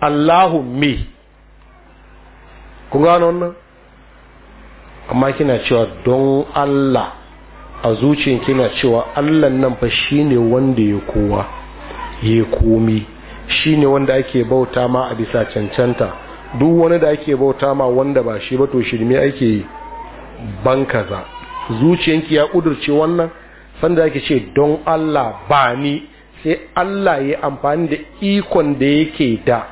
allahu me kun gano wannan amma kina cewa don allah a zuciyan kina cewa allan nan fa shine wanda ya kowa ya komi shi ne wanda ake bauta ma a bisa cancanta duk wani da ake bauta ma wanda ba shi ba to shirme ake yi ban kaza zuciyanki ya kudurce wannan sanda ake ce don Allah ba ni sai Allah ya amfani da ikon da yake da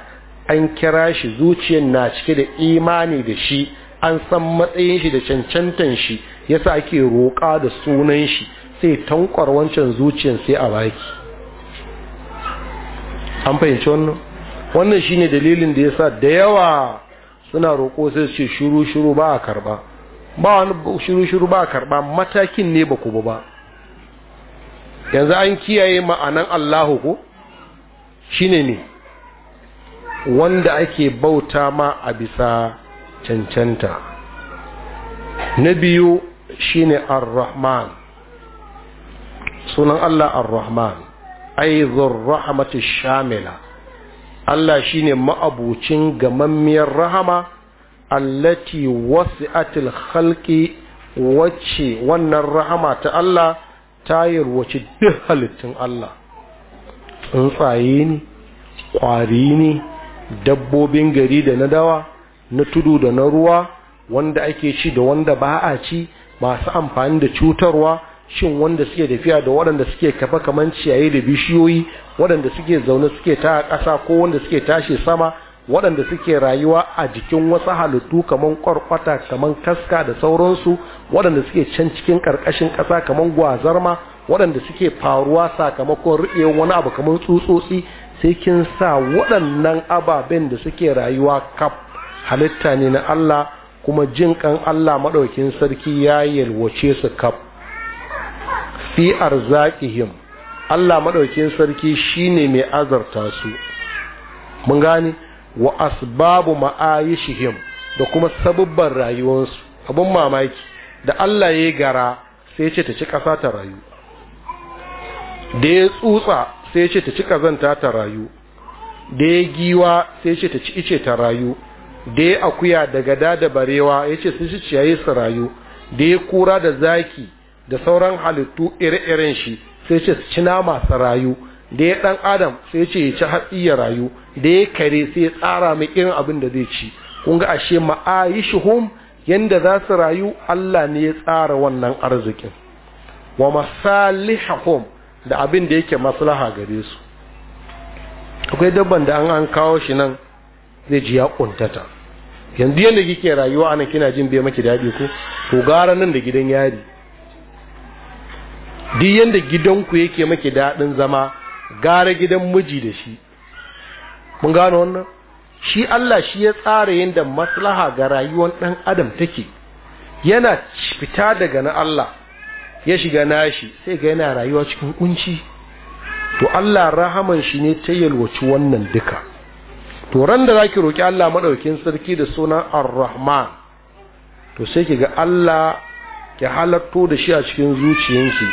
an kira shi zuciyan na cike da imani da shi an san matsayin shi da cancantan shi yasa ake roƙa da sunan shi sai tankwar wancan zuciyar sai a baki an fahimci wannan wannan shine dalilin da ya sa da yawa suna roƙo sai su ce shiru shiru ba a karba ba wani shiru shiru ba a karba matakin ne ba ku ba yanzu an kiyaye ma'anan Allahu ko shine ne wanda ake bauta ma a bisa cancanta na biyu shine ar-rahman sunan Allah ar-rahman Aizun rahmatu shamila Allah shine ma'abucin gamammiyar rahama allati wasi'atil khalqi wacce wannan rahama ta Allah ta yi duk halittun Allah tsuntsaye ne ƙwari ne dabbobin gari da na dawa na tudu da na ruwa wanda ake ci da wanda ba a ci masu amfani da cutarwa shin wanda suke tafiya da waɗanda suke kafa kaman ciyayi da bishiyoyi waɗanda suke zaune suke ta ƙasa ko wanda suke tashi sama waɗanda suke rayuwa a jikin wasu halittu kaman ƙwarƙwata kamar kaska da sauransu waɗanda suke can cikin ƙarƙashin ƙasa kaman gwazarma waɗanda suke faruwa sakamakon riɓe wani abu kaman tsutsotsi sai kin sa waɗannan ababen da suke rayuwa kaf halitta ne na Allah kuma jin kan Allah maɗaukin sarki ya yalwace su kaf fi arzakihim Allah maɗaukin sarki shine mai azarta su mun gane wa asbabu ma'ayishihim da kuma sabubban rayuwarsu abun mamaki da Allah ya gara sai ce ta ci ƙasa ta rayu da ya tsutsa sai ce ta ci ƙazanta ta rayu da ya giwa sai ce ta ci ice ta rayu da ya akuya da gada da barewa ya ce sun ci ciyayi su rayu da ya kura da zaki da sauran halittu ire-iren shi sai ce su ci nama su rayu da ya ɗan adam sai ce ya ci hatsi ya rayu da ya kare sai ya tsara mai irin abin da zai ci kun ga ashe ma'ayishuhum yanda za su rayu Allah ne ya tsara wannan arzikin wa masalihahum da abin da yake maslaha gare su akwai dabban da an an kawo shi nan zai ji ya kuntata yanzu yanda kike rayuwa anan kina jin bai maki daɗi ko to gara nan da gidan yari duk yanda gidanku yake maki daɗin zama gara gidan miji da shi mun gano wannan shi Allah shi ya tsara yadda maslaha ga rayuwar ɗan adam take yana fita daga na Allah ya shiga nashi sai ga yana rayuwa cikin kunci to Allah rahaman shi ne ta yalwaci wannan duka to ran da zaki roki Allah madaukin sarki da sunan Ar-Rahman to sai ki ga Allah ki halatto da shi a cikin zuciyarki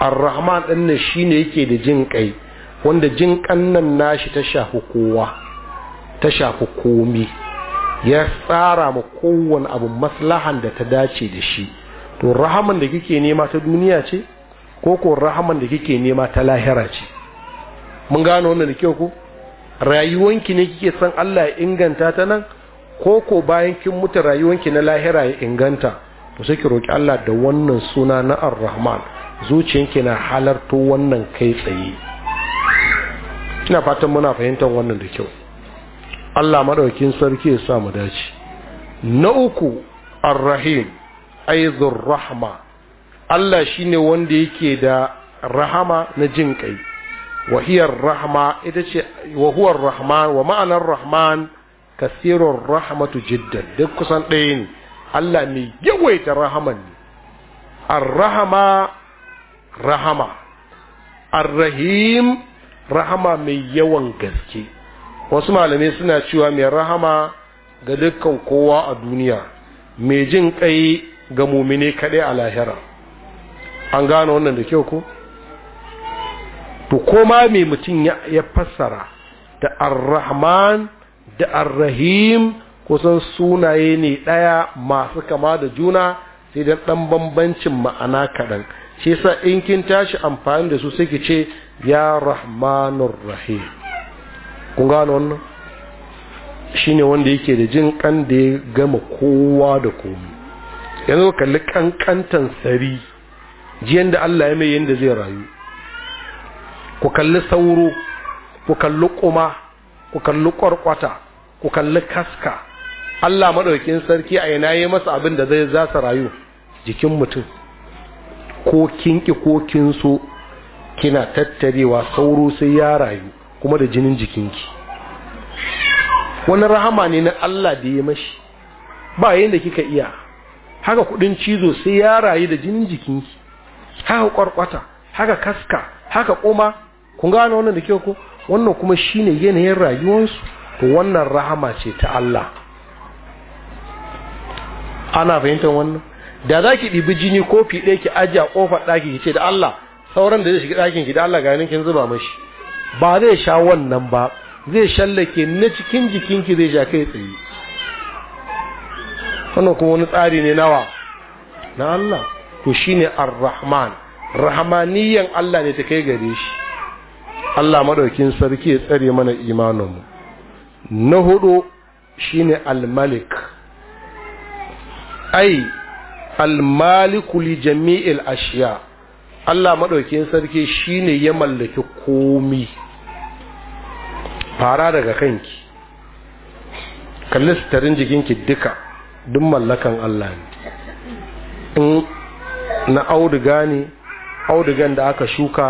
ar-rahman din nan shine yake da jin kai wanda jin nan nashi ta shafi kowa ta shafi komi ya tsara ma kowane abu maslahan da ta dace da shi to rahaman da kike nema ta duniya ce ko ko rahaman da kike nema ta lahira ce mun gano wannan da kyau ko rayuwanki ne kike san Allah ya inganta ta nan ko ko bayan kin mutu rayuwanki na lahira ya inganta to sai ki roki Allah da wannan suna na Ar-Rahman zuciyanki na halarto wannan kai tsaye ina fatan muna fahimtar wannan da kyau Allah madaukin sarki ya sa mu dace na uku arrahim aizur rahma Allah shine wanda yake da rahama na jin kai wahiyar rahma ita ce wa huwa rahman wa ma'anar rahman kasirur rahmatu jiddan duk kusan ɗaya ne Allah mai yawaita rahaman ne ar-rahama rahama arrahim rahim rahama mai yawan gaske wasu malamai suna cewa mai rahama ga dukkan kowa a duniya mai jin kai ga mumine kaɗai a lahira an gano wannan da kyau ko to koma mai mutum ya fassara da arrahman da arrahim rahim kusan sunaye ne ɗaya masu kama da juna sai dan ɗan bambancin ma'ana kaɗan shi sa in kin tashi amfani da su sai ki ce ya rahmanur rahim kun gano wannan Shi ne wanda yake da jin kan da ya gama kowa da komi yanzu kalli kankantan sari ji da Allah ya mai yadda zai rayu ku kalli sauro ku kalli kuma ku kalli kwarkwata ku kalli kaska Allah maɗaukin sarki a ina yi masa abin da zai zasa rayu jikin mutum ko kin ki ko kin so kina tattarewa sauro sai ya rayu kuma da jinin jikinki wani rahama ne na Allah da ya mashi ba da kika iya haka kudin cizo sai ya rayu da jinin jikinki haka kwarkwata haka kaska haka kuma kun gano wannan da kiko wannan kuma shine yanayin rayuwarsu to wannan rahama ce ta Allah ana fahimtar wannan da za ki ɗibi jini kofi ɗaya ki ajiye a ƙofar ɗaki ki ce da Allah sauran da zai shiga ɗakin ki da Allah ga kin zuba mashi ba zai sha wannan ba zai shallake na cikin jikinki zai sha kai tsaye wannan kuma wani tsari ne nawa na Allah to shine ar-rahman rahmaniyan Allah ne ta kai gare shi Allah madaukin sarki ya tsare mana imaninmu na hudu shine al-malik almalikuli jami'il ashiya Allah maɗaukin sarki shine ya mallaki komi fara daga kanki kalli tarin jikinki duka duk mallakan Allah ne in na auduga ne audugan da aka shuka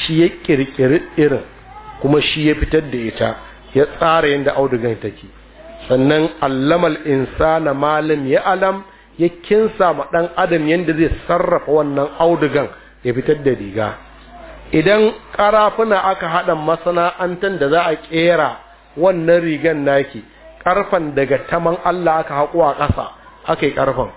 shi ya kirkiri irin kuma shi ya fitar da ita ya tsara yadda audugan take sannan allamal insana malam ya alam ya kinsa ma ɗan adam yadda zai sarrafa wannan audugan ya fitar da riga idan ƙarafuna aka haɗa masana'antar da za a ƙera wannan rigan naki ƙarfan daga taman Allah aka haƙo a ƙasa aka yi ƙarfan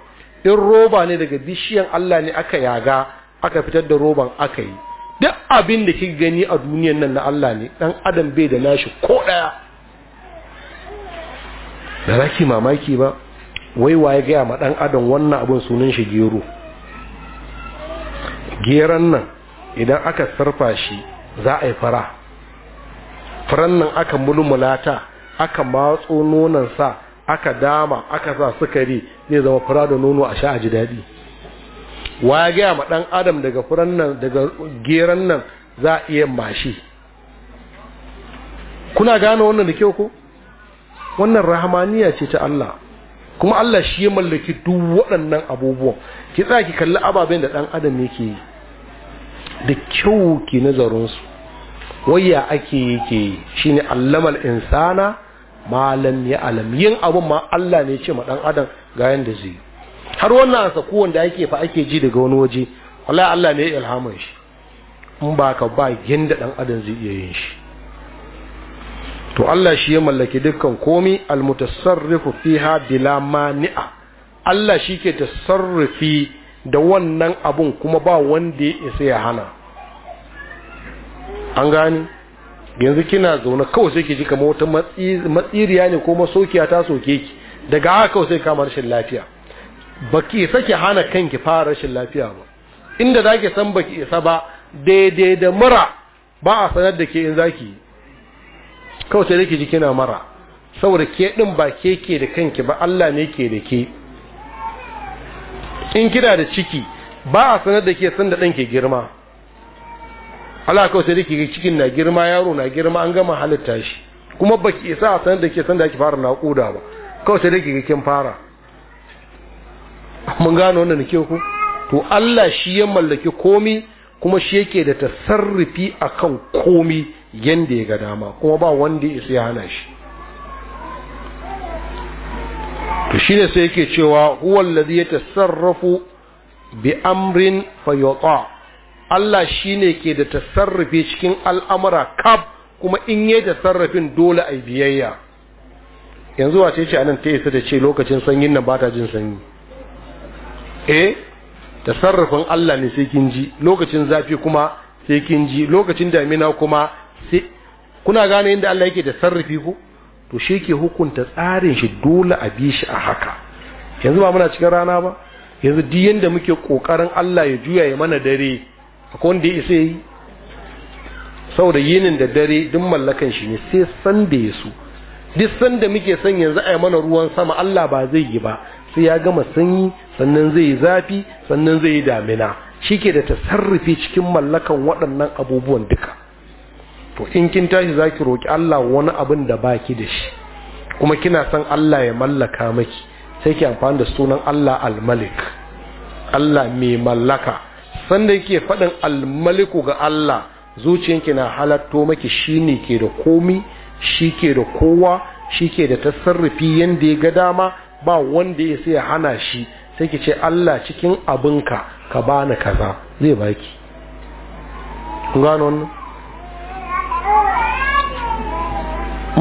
in roba ne daga bishiyan Allah ne aka yaga aka fitar da roban aka yi duk abin da kika gani a duniyan nan na Allah ne ɗan adam bai da nashi ko ɗaya da raki mamaki ba wai wa ya gaya ma ɗan adam wannan abin sunan shi gero geron nan idan aka sarfa shi za a yi fara faran nan aka mulmulata aka matso nonansa aka dama aka sa sukari zai zama fara da nono a sha a ji daɗi gaya ma ɗan adam daga furan nan daga geron nan za a iya mashi kuna gane wannan da kyau ko wannan rahamaniya ce ta Allah kuma Allah shi ya mallaki duk waɗannan abubuwan ki tsaya ki kalli ababen da ɗan adam yake yi da kyau ki nazarin su ake yake yi shine allamal insana malam ya alam yin abun ma Allah ne ce ma ɗan adam ga yanda zai har wannan asa wanda ake fa ake ji daga wani waje wallahi Allah ne ya ilhamin shi in ba ka ba yanda ɗan adam zai iya yin shi to Allah shi ya mallaki dukkan komi almutasarrifu fiha bila mani'a Allah shi ke tasarrufi da wannan abun kuma ba wanda ya isa ya hana an gani yanzu kina zaune kawai sai ke ji kamar wata matsiriya ne ko masokiya ta soke ki daga haka kawai sai kama rashin lafiya baki ki hana kanki fara rashin lafiya ba inda zaki san baki isa ba daidai da mura ba a sanar da ke in zaki kawai sai dake jikina mara saboda ke din ba ke ke da kanki ba Allah ne ke da ke in kida da ciki ba a sanar da ke san da ɗan ke girma Allah kawai sai dake cikin na girma yaro na girma an gama halitta shi kuma baki isa a sanar da ke san da ke fara naƙuda ba kawai sai dake kin fara mun gano wannan ne ku to Allah shi ya mallaki komai kuma shi yake da tasarrufi akan komi yanda ya ga dama kuma ba wanda ya isa ya hana shi to shine sai yake cewa huwa allazi yatasarrafu bi amrin fayuta Allah shine ke da tasarrufi cikin al'amura kab kuma in yi tasarrufin dole a biyayya yanzu wace ce anan ta isa da ce lokacin sanyin nan bata jin sanyi eh tasarrufin Allah ne sai kin ji lokacin zafi kuma sai kin ji lokacin damina kuma sai kuna gane inda Allah yake sarrafi ku to shi ke hukunta tsarin shi dole a bi shi a haka yanzu ba muna cikin rana ba yanzu duk yanda muke kokarin Allah ya juya ya mana dare akwai wanda ya isa yi saboda yinin da dare duk mallakan shi ne sai san da ya su duk sanda muke son yanzu a yi mana ruwan sama Allah ba zai yi ba sai ya gama sanyi sannan zai yi zafi sannan zai yi damina shi ke da tasarrufi cikin mallakan waɗannan abubuwan duka to in kin tashi za ki roƙi Allah wani abin da ba ki da shi kuma kina son Allah ya mallaka maki sai ki amfani da sunan Allah al-malik Allah mai mallaka sanda yake faɗin al-maliku ga Allah zuciyanki na halatto maki shine ke da komi shi ke da kowa shi ke da tasarrufi yanda ya ga dama ba wanda ya sai hana shi sai ki ce Allah cikin abinka ka bani kaza zai baki kun gano wannan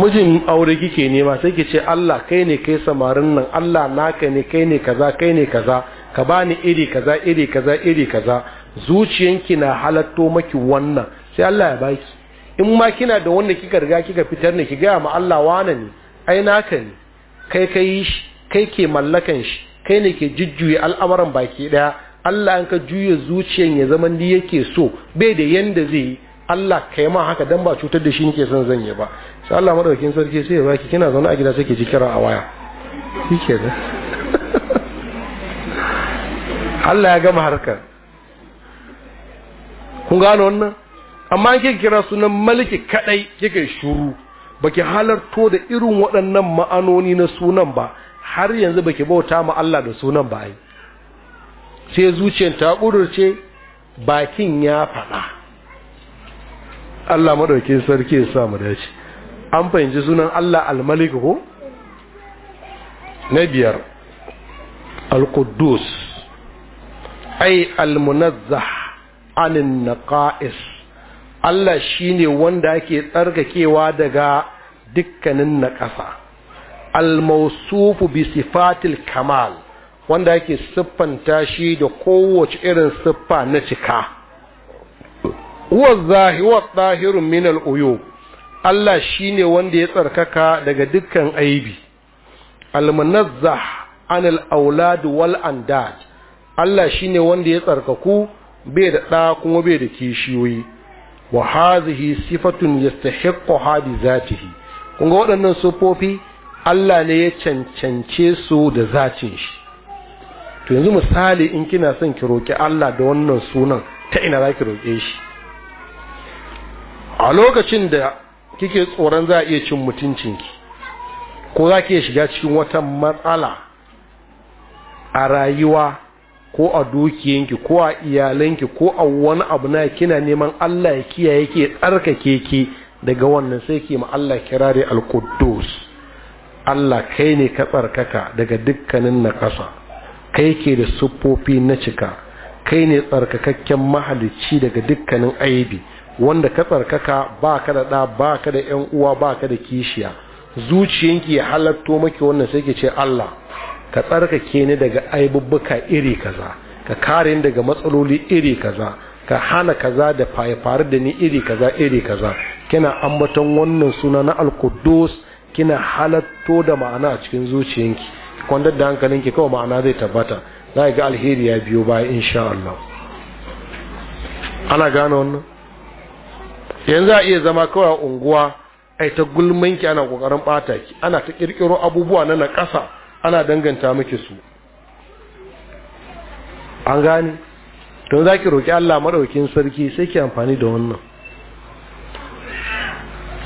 mijin aure kike nema sai ki ce Allah kai ne kai samarin nan Allah naka ne kai ne kaza kai ne kaza ka bani iri kaza iri kaza iri kaza zuciyanki na halatto maki wannan sai Allah ya baki in ma kina da wanda kika riga kika fitar ne ki gaya ma Allah wane ne ai naka ne kai kai shi kai ke mallakan shi kai ne ke jujjuye al'amuran baki daya Allah an ka juya zuciyan ya zaman ni yake so bai da yanda zai yi Allah kai ma haka dan ba cutar da shi nake son zan yi ba sai Allah madaukakin sarki sai ya baki kina zaune a gida sai ke ji kira a waya shike ne Allah ya gama harkar kun gano wannan amma an kike kira sunan maliki kadai kike shuru baki halarto da irin waɗannan ma'anoni na sunan ba har yanzu baki bauta mu Allah da sunan ba ai sai zuciyar ta kudurce bakin ya faɗa Allah madauke sarki ya sa mu dace an fahimci sunan Allah al-Malik ko na biyar al-Quddus ai al-Munazzah anin naqa'is Allah shine wanda ake tsarkakewa daga dukkanin naƙasa al-mawsufu bi sifatil kamal wanda yake siffanta shi da kowace irin siffa na cika huwa zahirun min al-uyub Allah shine wanda ya tsarkaka daga dukkan aibi al-munazzah anil aulad wal andad Allah shine wanda ya tsarkaku bai da ɗa kuma bai da kishiyoyi wa hazihi sifatun yastahiqqu hadi zatihi kun ga waɗannan sufofi Allah ne ya cancance su da zacin shi to yanzu misali in kina son ki roki Allah da wannan sunan ta ina za ki roke shi a lokacin da kike tsoron za a iya cin mutuncinki ko za ki shiga cikin wata matsala a rayuwa ko a dukiyanki ko a iyalanki ko a wani abu na kina neman Allah ya kiyaye ke tsarkake ki daga wannan sai ki ma Allah kirare al-Quddus Allah kai ne ka tsarkaka daga dukkanin na ƙasa kai ke da siffofi na cika kai ne tsarkakakken mahalicci daga dukkanin aibi wanda ka tsarkaka ba ka da ɗa ba ka da ‘yan uwa ba ka da kishiya zuciyanki ya halatto maki wannan sai ke ce Allah ka tsarkake ni daga aibubbuka iri kaza ka kare ni daga matsaloli iri kaza ka hana kaza da faifar da ni iri kaza iri kaza kina ambaton wannan suna na al al-Quddus kina halatto da ma'ana a cikin zuciyanki kwandar da hankalinki kawai ma'ana zai tabbata za ga alheri ya biyo baya insha Allah ana gane wannan yanzu a iya zama kawai unguwa ai ta gulmanki ana kokarin bata ki ana ta kirkiro abubuwa na nakasa ana danganta miki su an gane to za ki roki Allah madaukin sarki sai ki amfani da wannan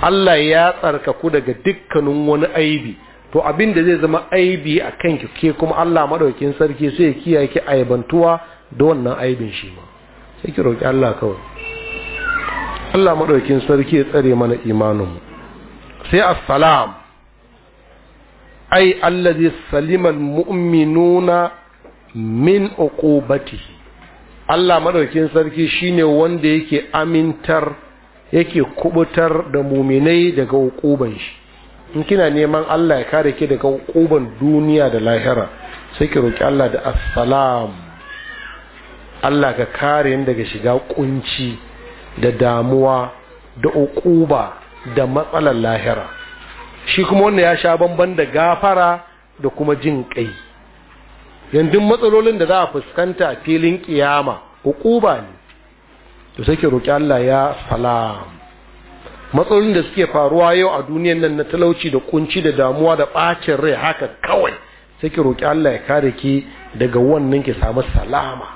Allah ya tsarkaku daga dukkanin wani aibi to abin da zai zama aibi a kanki ke kuma Allah madaukin sarki sai ya kiyaye ki aibantuwa da wannan aibin shi ma sai ki roki Allah kawai Allah madaukin sarki ya tsare mana imanin mu sai assalam ai allazi salima almu'minuna min uqubatihi Allah madaukin sarki shine wanda yake amintar yake kubutar da muminai daga hukuban shi in kina neman Allah ya kare ki daga hukuban duniya da lahira sai ki roki Allah da assalam Allah ka kare ni daga shiga kunci da damuwa da hukuba da matsalar lahira shi kuma wanda ya sha bamban da gafara da kuma jin kai yanzu matsalolin da za a fuskanta filin kiyama hukuba ne to sai ke roƙi Allah ya salam matsalolin da suke faruwa yau a duniyar nan na talauci da kunci da damuwa da bacin rai haka kawai sai ke roƙi Allah ya kare ki daga wannan ki samu salama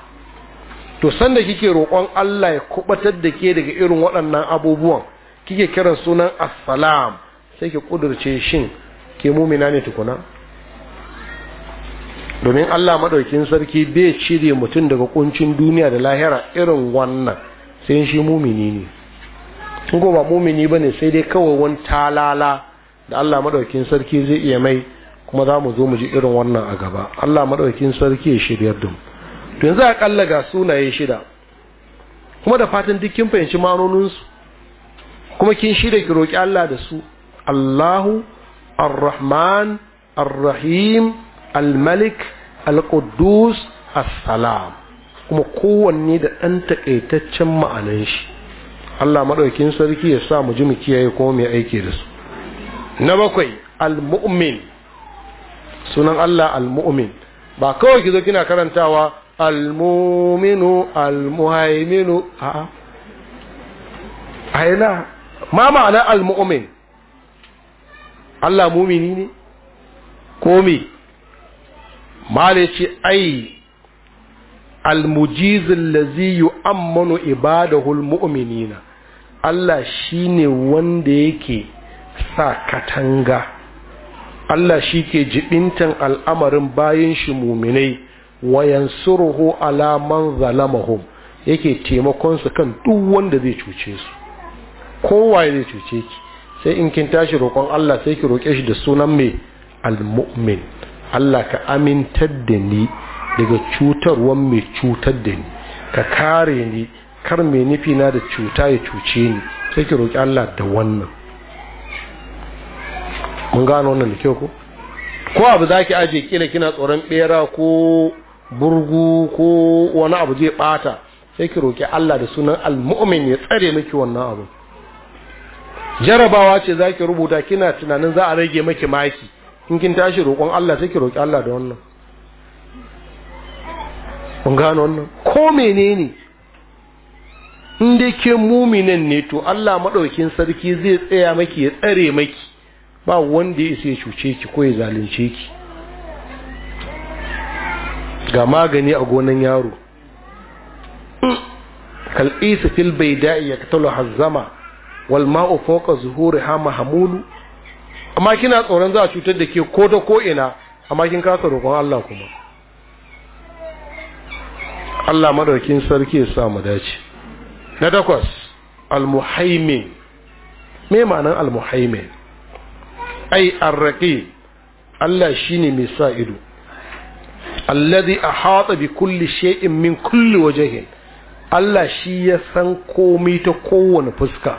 to sanda kike roƙon Allah ya kubatar da ke daga irin waɗannan abubuwan kike kiran sunan assalam sai ki kudurce shin ke mumina ne tukuna domin Allah madaukin sarki bai cire mutum daga kuncin duniya da lahira irin wannan sai shi mumini ne in ko ba mumini ba ne sai dai kawai wani talala da Allah maɗaukin sarki zai iya mai kuma za mu zo mu ji irin wannan a gaba Allah maɗaukin sarki ya shiryar dum to yanzu a kalla ga sunaye shida kuma da fatan duk kin fahimci manonin kuma kin shirya ki roki Allah da su Allahu Ar-Rahman Ar-Rahim Al-Malik Al-Quddus as kuma kowanne da ɗan takaitaccen ma'anan shi Allah maɗaukin sarki ya sa mu ji mu kiyaye kuma mai aiki da su na bakwai al-mu'min sunan Allah al-mu'min ba kawai ki zo kina karantawa al-mu'minu al-muhaiminu a'a aina ma ma'ana al-mu'min Allah mumini ne ko me malici ai almujizin lazi yu'ammanu ibadahul mu'minina Allah shine wanda yake sa katanga Allah shi ke jibintan al'amarin bayan shi muminai wayan suruhu alaman zalamahum yake taimakonsu kan duk wanda zai cuce su kowa zai cuce ki sai in kin tashi roƙon Allah sai ki roƙe shi da sunan mai almumin. Allah ka amintar da ni daga cutarwan mai cutar da ni ka kare ni kar mai nufi na da cuta ya cuce ni sai ki roƙi Allah da wannan mun gano wannan da kyau ko ko abu za ki aje kila kina tsoron bera ko burgu ko wani abu zai bata sai ki roƙi Allah da sunan al-mu'min ya tsare miki wannan abu jarabawa ce za ki rubuta kina tunanin za a rage maki maki in kin tashi roƙon Allah sai ki roƙi Allah da wannan kun gano wannan ko menene in dai ke muminan ne to Allah maɗaukin sarki zai tsaya maki ya tsare maki ba wanda ya isa ya cuce ki ko ya zalunce ki ga magani a gonan yaro kal'isu fil baida'i ya katalo hazzama wal ma'u fawqa ha mahmulu amma kina tsoron za a cutar da ke ko ta ko ina amma kin kasa roƙon Allah kuma Allah madaukin sarki ya sa mu dace na takwas almuhaimin me ma'anar almuhaimin ai arraqi Allah shine mai sa ido alladhi ahata bi kulli shay'in min kulli wajhin Allah shi ya san komai ta kowane fuska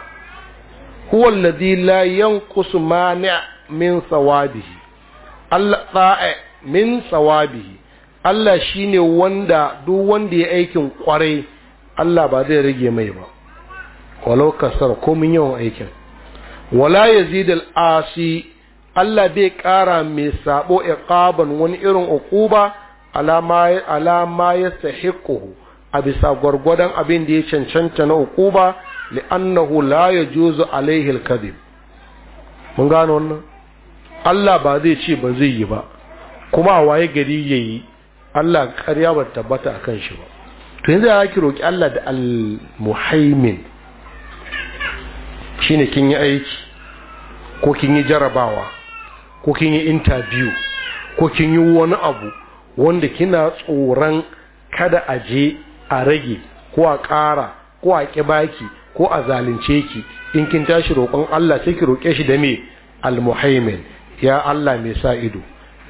huwa alladhi la yanqusu mani' min sawabihi Allah ta'a min sawabihi Allah shi ne wanda duk wanda ya aikin kwarai Allah ba zai rage mai ba walau kasar komin yawan aikin wala ya yazidul asi Allah bai kara mai sabo iqaban wani irin uquba alama ya yastahiquhu a bisa gwargwadon abin da ya cancanta na uquba li'annahu la yajuzu alaihi al mun gano wannan Allah ba zai ce ba zai yi ba kuma waye gari yayi Allah ƙarya ba tabbata a kan shi ba to yanzu ya ki roki Allah da al-muhaimin ne kin yi aiki ko kin yi jarabawa ko kin yi intabiyu ko kin yi wani abu wanda kina tsoron kada a je a rage ko a ƙara ko a ƙi ko a zalunce ki in kin tashi roƙon Allah sai ki roƙe shi da me al-muhaimin ya Allah mai sa ido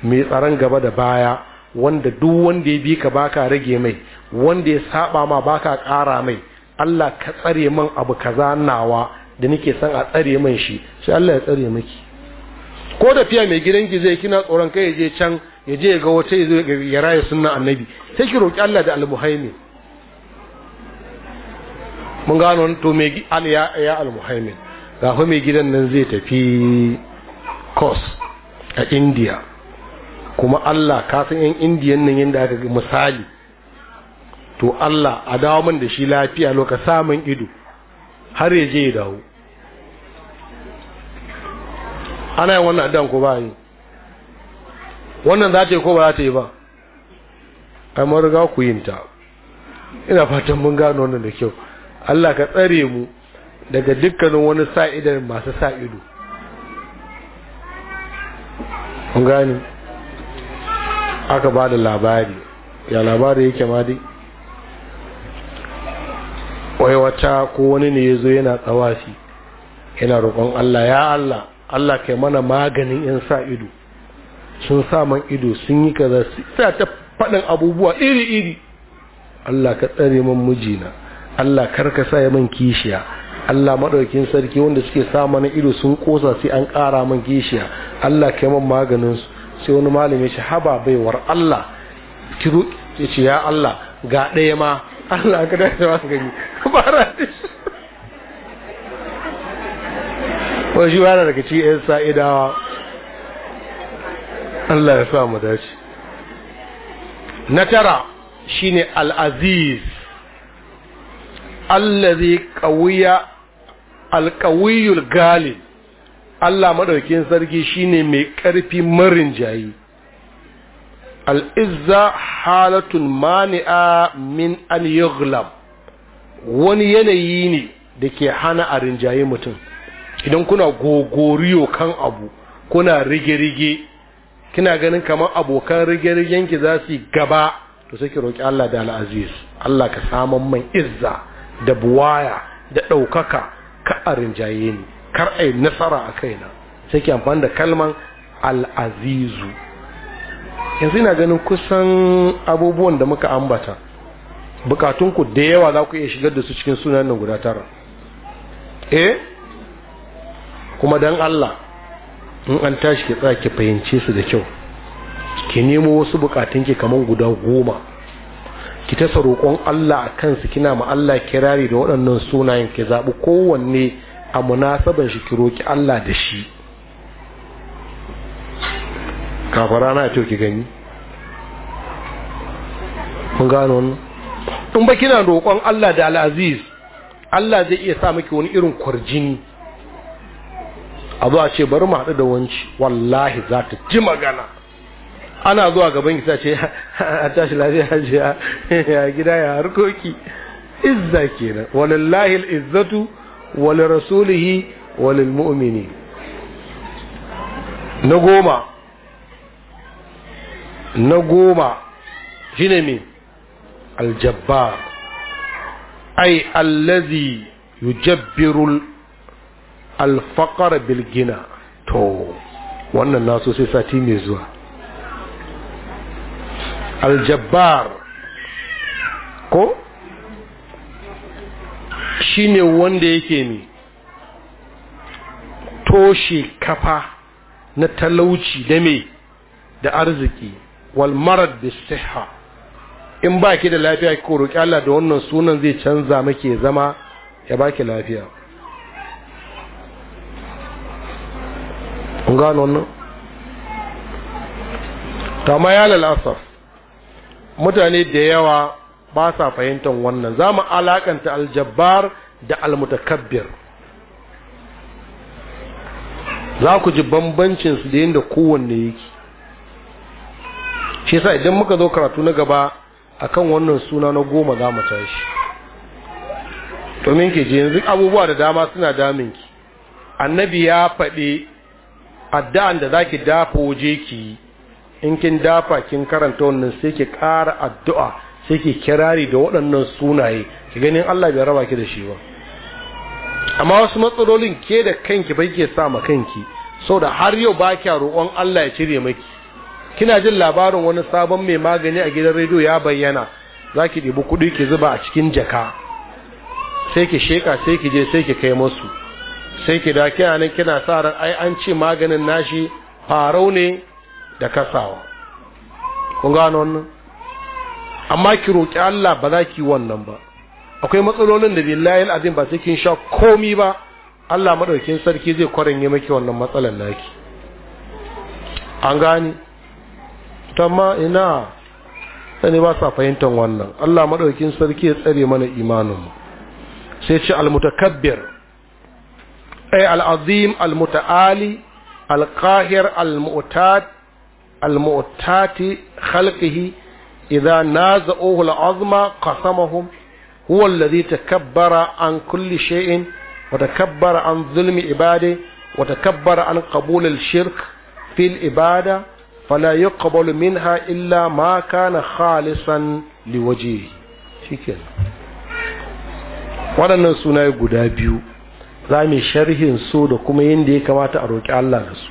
mai tsaron gaba da baya wanda duk wanda ya bi ka baka rage mai wanda ya saba ma baka ƙara mai Allah ka tsare min abu kaza nawa da nake son a tsare min shi sai Allah ya tsare miki ko da fiya mai gidanki zai kina tsoron kai ya je can ya je ga wata ya zo ya raya sunnan annabi sai ki roki Allah da al al-muhaimi mun gano to mai al ya ya al-muhaimi ga fa mai gidan nan zai tafi course a India kuma Allah ka san yan indiyan nan yadda aka misali to Allah a dawo min da shi lafiya loka samun ido har ya je ya dawo ana yin wannan addan ko ba yi wannan za ta yi ko ba za ta yi ba amma ga ku yin ta ina fatan mun gano wannan da kyau Allah ka tsare mu daga dukkanin wani sa'idar masu sa ido gane aka ba da labari ya labari yake ma dai wai wata ko wani ne ya zo yana tsawafi yana roƙon Allah ya Allah Allah kai mana maganin yan sa ido sun sa man ido sun yi kaza sa ta faɗin abubuwa iri-iri Allah ka tsare man mijina Allah karka sa ya man kishiya Allah maɗaukin sarki wanda suke sa mana ido sun ƙosa sai an ƙara man kishiya Allah kai man su. sai wani malami shi haba baiwar Allah kiru ya ce ya Allah ga ɗaya ma Allah ka dace masu gani ba rati ko shi wani daga ci yan sa'idawa Allah ya sa mu dace na tara shine al-aziz allazi qawiya al-qawiyul galib Allah madaukin sarki shine mai ƙarfi marin jayi al'izza halatun mani'a min an yughlab wani yanayi ne da ke hana a rinjaye mutum idan kuna gogoriyo kan abu kuna rige-rige kina ganin kamar abokan rige-rigenki za su yi gaba to sai ki roƙi Allah da al'aziz Allah ka saman man izza da buwaya da ɗaukaka ka a rinjaye ne. kar a yi nasara a kaina sai ke amfani da kalman al'azizu yanzu ina ganin kusan abubuwan da muka ambata bukatunku da yawa za ku iya shigar da su cikin sunan nan guda tara eh kuma don allah in an tashi ke tsaya ki fahimce su da kyau ki nemo wasu bukatunki kamar guda goma ki tasa roƙon allah a kansu kina ma allah kirari da waɗannan sunayen ki zaɓi kowanne a munasabar shi ki roki Allah da shi kafara rana ya ki gani mun gano wannan in ba kina roƙon Allah da al'aziz Allah zai iya sa miki wani irin kwarjini a zuwa ce bari mu haɗu da wanci wallahi za ta ji magana ana zuwa gaban ki ce a tashi lafiya ya gida ya harkoki izza kenan wallahi al-izzatu wa rasulihi wa lil na goma na goma shine me aljabbar ay allazi yujabbiru alfaqar bilgina. to wannan naso sai sati mai zuwa aljabbar ko shine wanda yake ne toshe kafa na talauci da me da arziki wal marad bis siha in ba ki da lafiya ki roki Allah da wannan sunan zai canza maki zama ya baki lafiya kun gano wannan ma ya lalasa mutane da yawa ba sa fahimtar wannan za mu alakanta aljabbar da almutakabbir za ku ji bambancin su da yadda kowanne yake shi sa idan muka zo karatu na gaba a kan wannan suna na goma za mu tashi domin ke je yanzu abubuwa da dama suna daminki annabi ya faɗi addu'an da zaki dafa waje ki in kin dafa kin karanta wannan sai ki ƙara addu'a sai ki kirari da waɗannan sunaye ki ganin Allah bai raba ki da shi ba amma wasu matsalolin ke da kanki bai ke sa ma kanki da har yau ba kya roƙon Allah ya cire maki kina jin labarin wani sabon mai magani a gidan rediyo ya bayyana za ki kuɗi ki zuba a cikin jaka sai ki sheka sai ki je sai ki kai musu sai ki da kina nan kina sa ran ai an ce maganin nashi farau ne da kasawa kun gano wannan amma ki roƙi Allah ba za ki wannan ba akwai matsalolin da billahi al'azim ba sai kin sha komi ba Allah madaukin sarki zai yi maki wannan matsalan naki an gani tamma ina sani ba sa fahimtar wannan Allah maɗaukin sarki ya tsare mana imanin sai ce almutakabbir ay al'azim almutaali alqahir almu'tad almu'tati khalqihi idza naza'uhu al'azma qasamahum هو الذي takabbara an كل شيء wa takabbara an zulmi وتكبر wa takabbara an في العبادة shirk fil ibada إلا ما minha illa ma شكرا khalisan liwajhihi يقول waɗannan sunaye guda biyu za sharhin su da kuma yadda ya kamata a roƙi Allah da su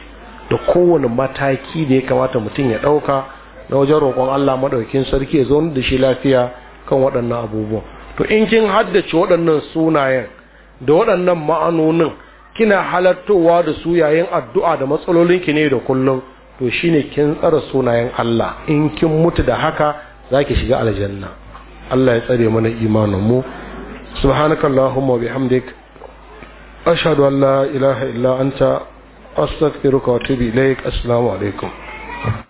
da kowane mataki da ya kamata mutum ya ɗauka na wajen roƙon Allah maɗaukin sarki ya zaune da shi lafiya kan waɗannan abubuwan to in kin haddace waɗannan sunayen da waɗannan ma'anonin kina halartowa da su yayin addu'a da matsalolinki ne da kullum to shine kin tsara sunayen Allah in kin mutu da haka zaki shiga aljanna Allah ya tsare mana imanin mu subhanakallahumma bihamdik ashhadu an la ilaha illa anta astaghfiruka wa atubu ilaik assalamu alaikum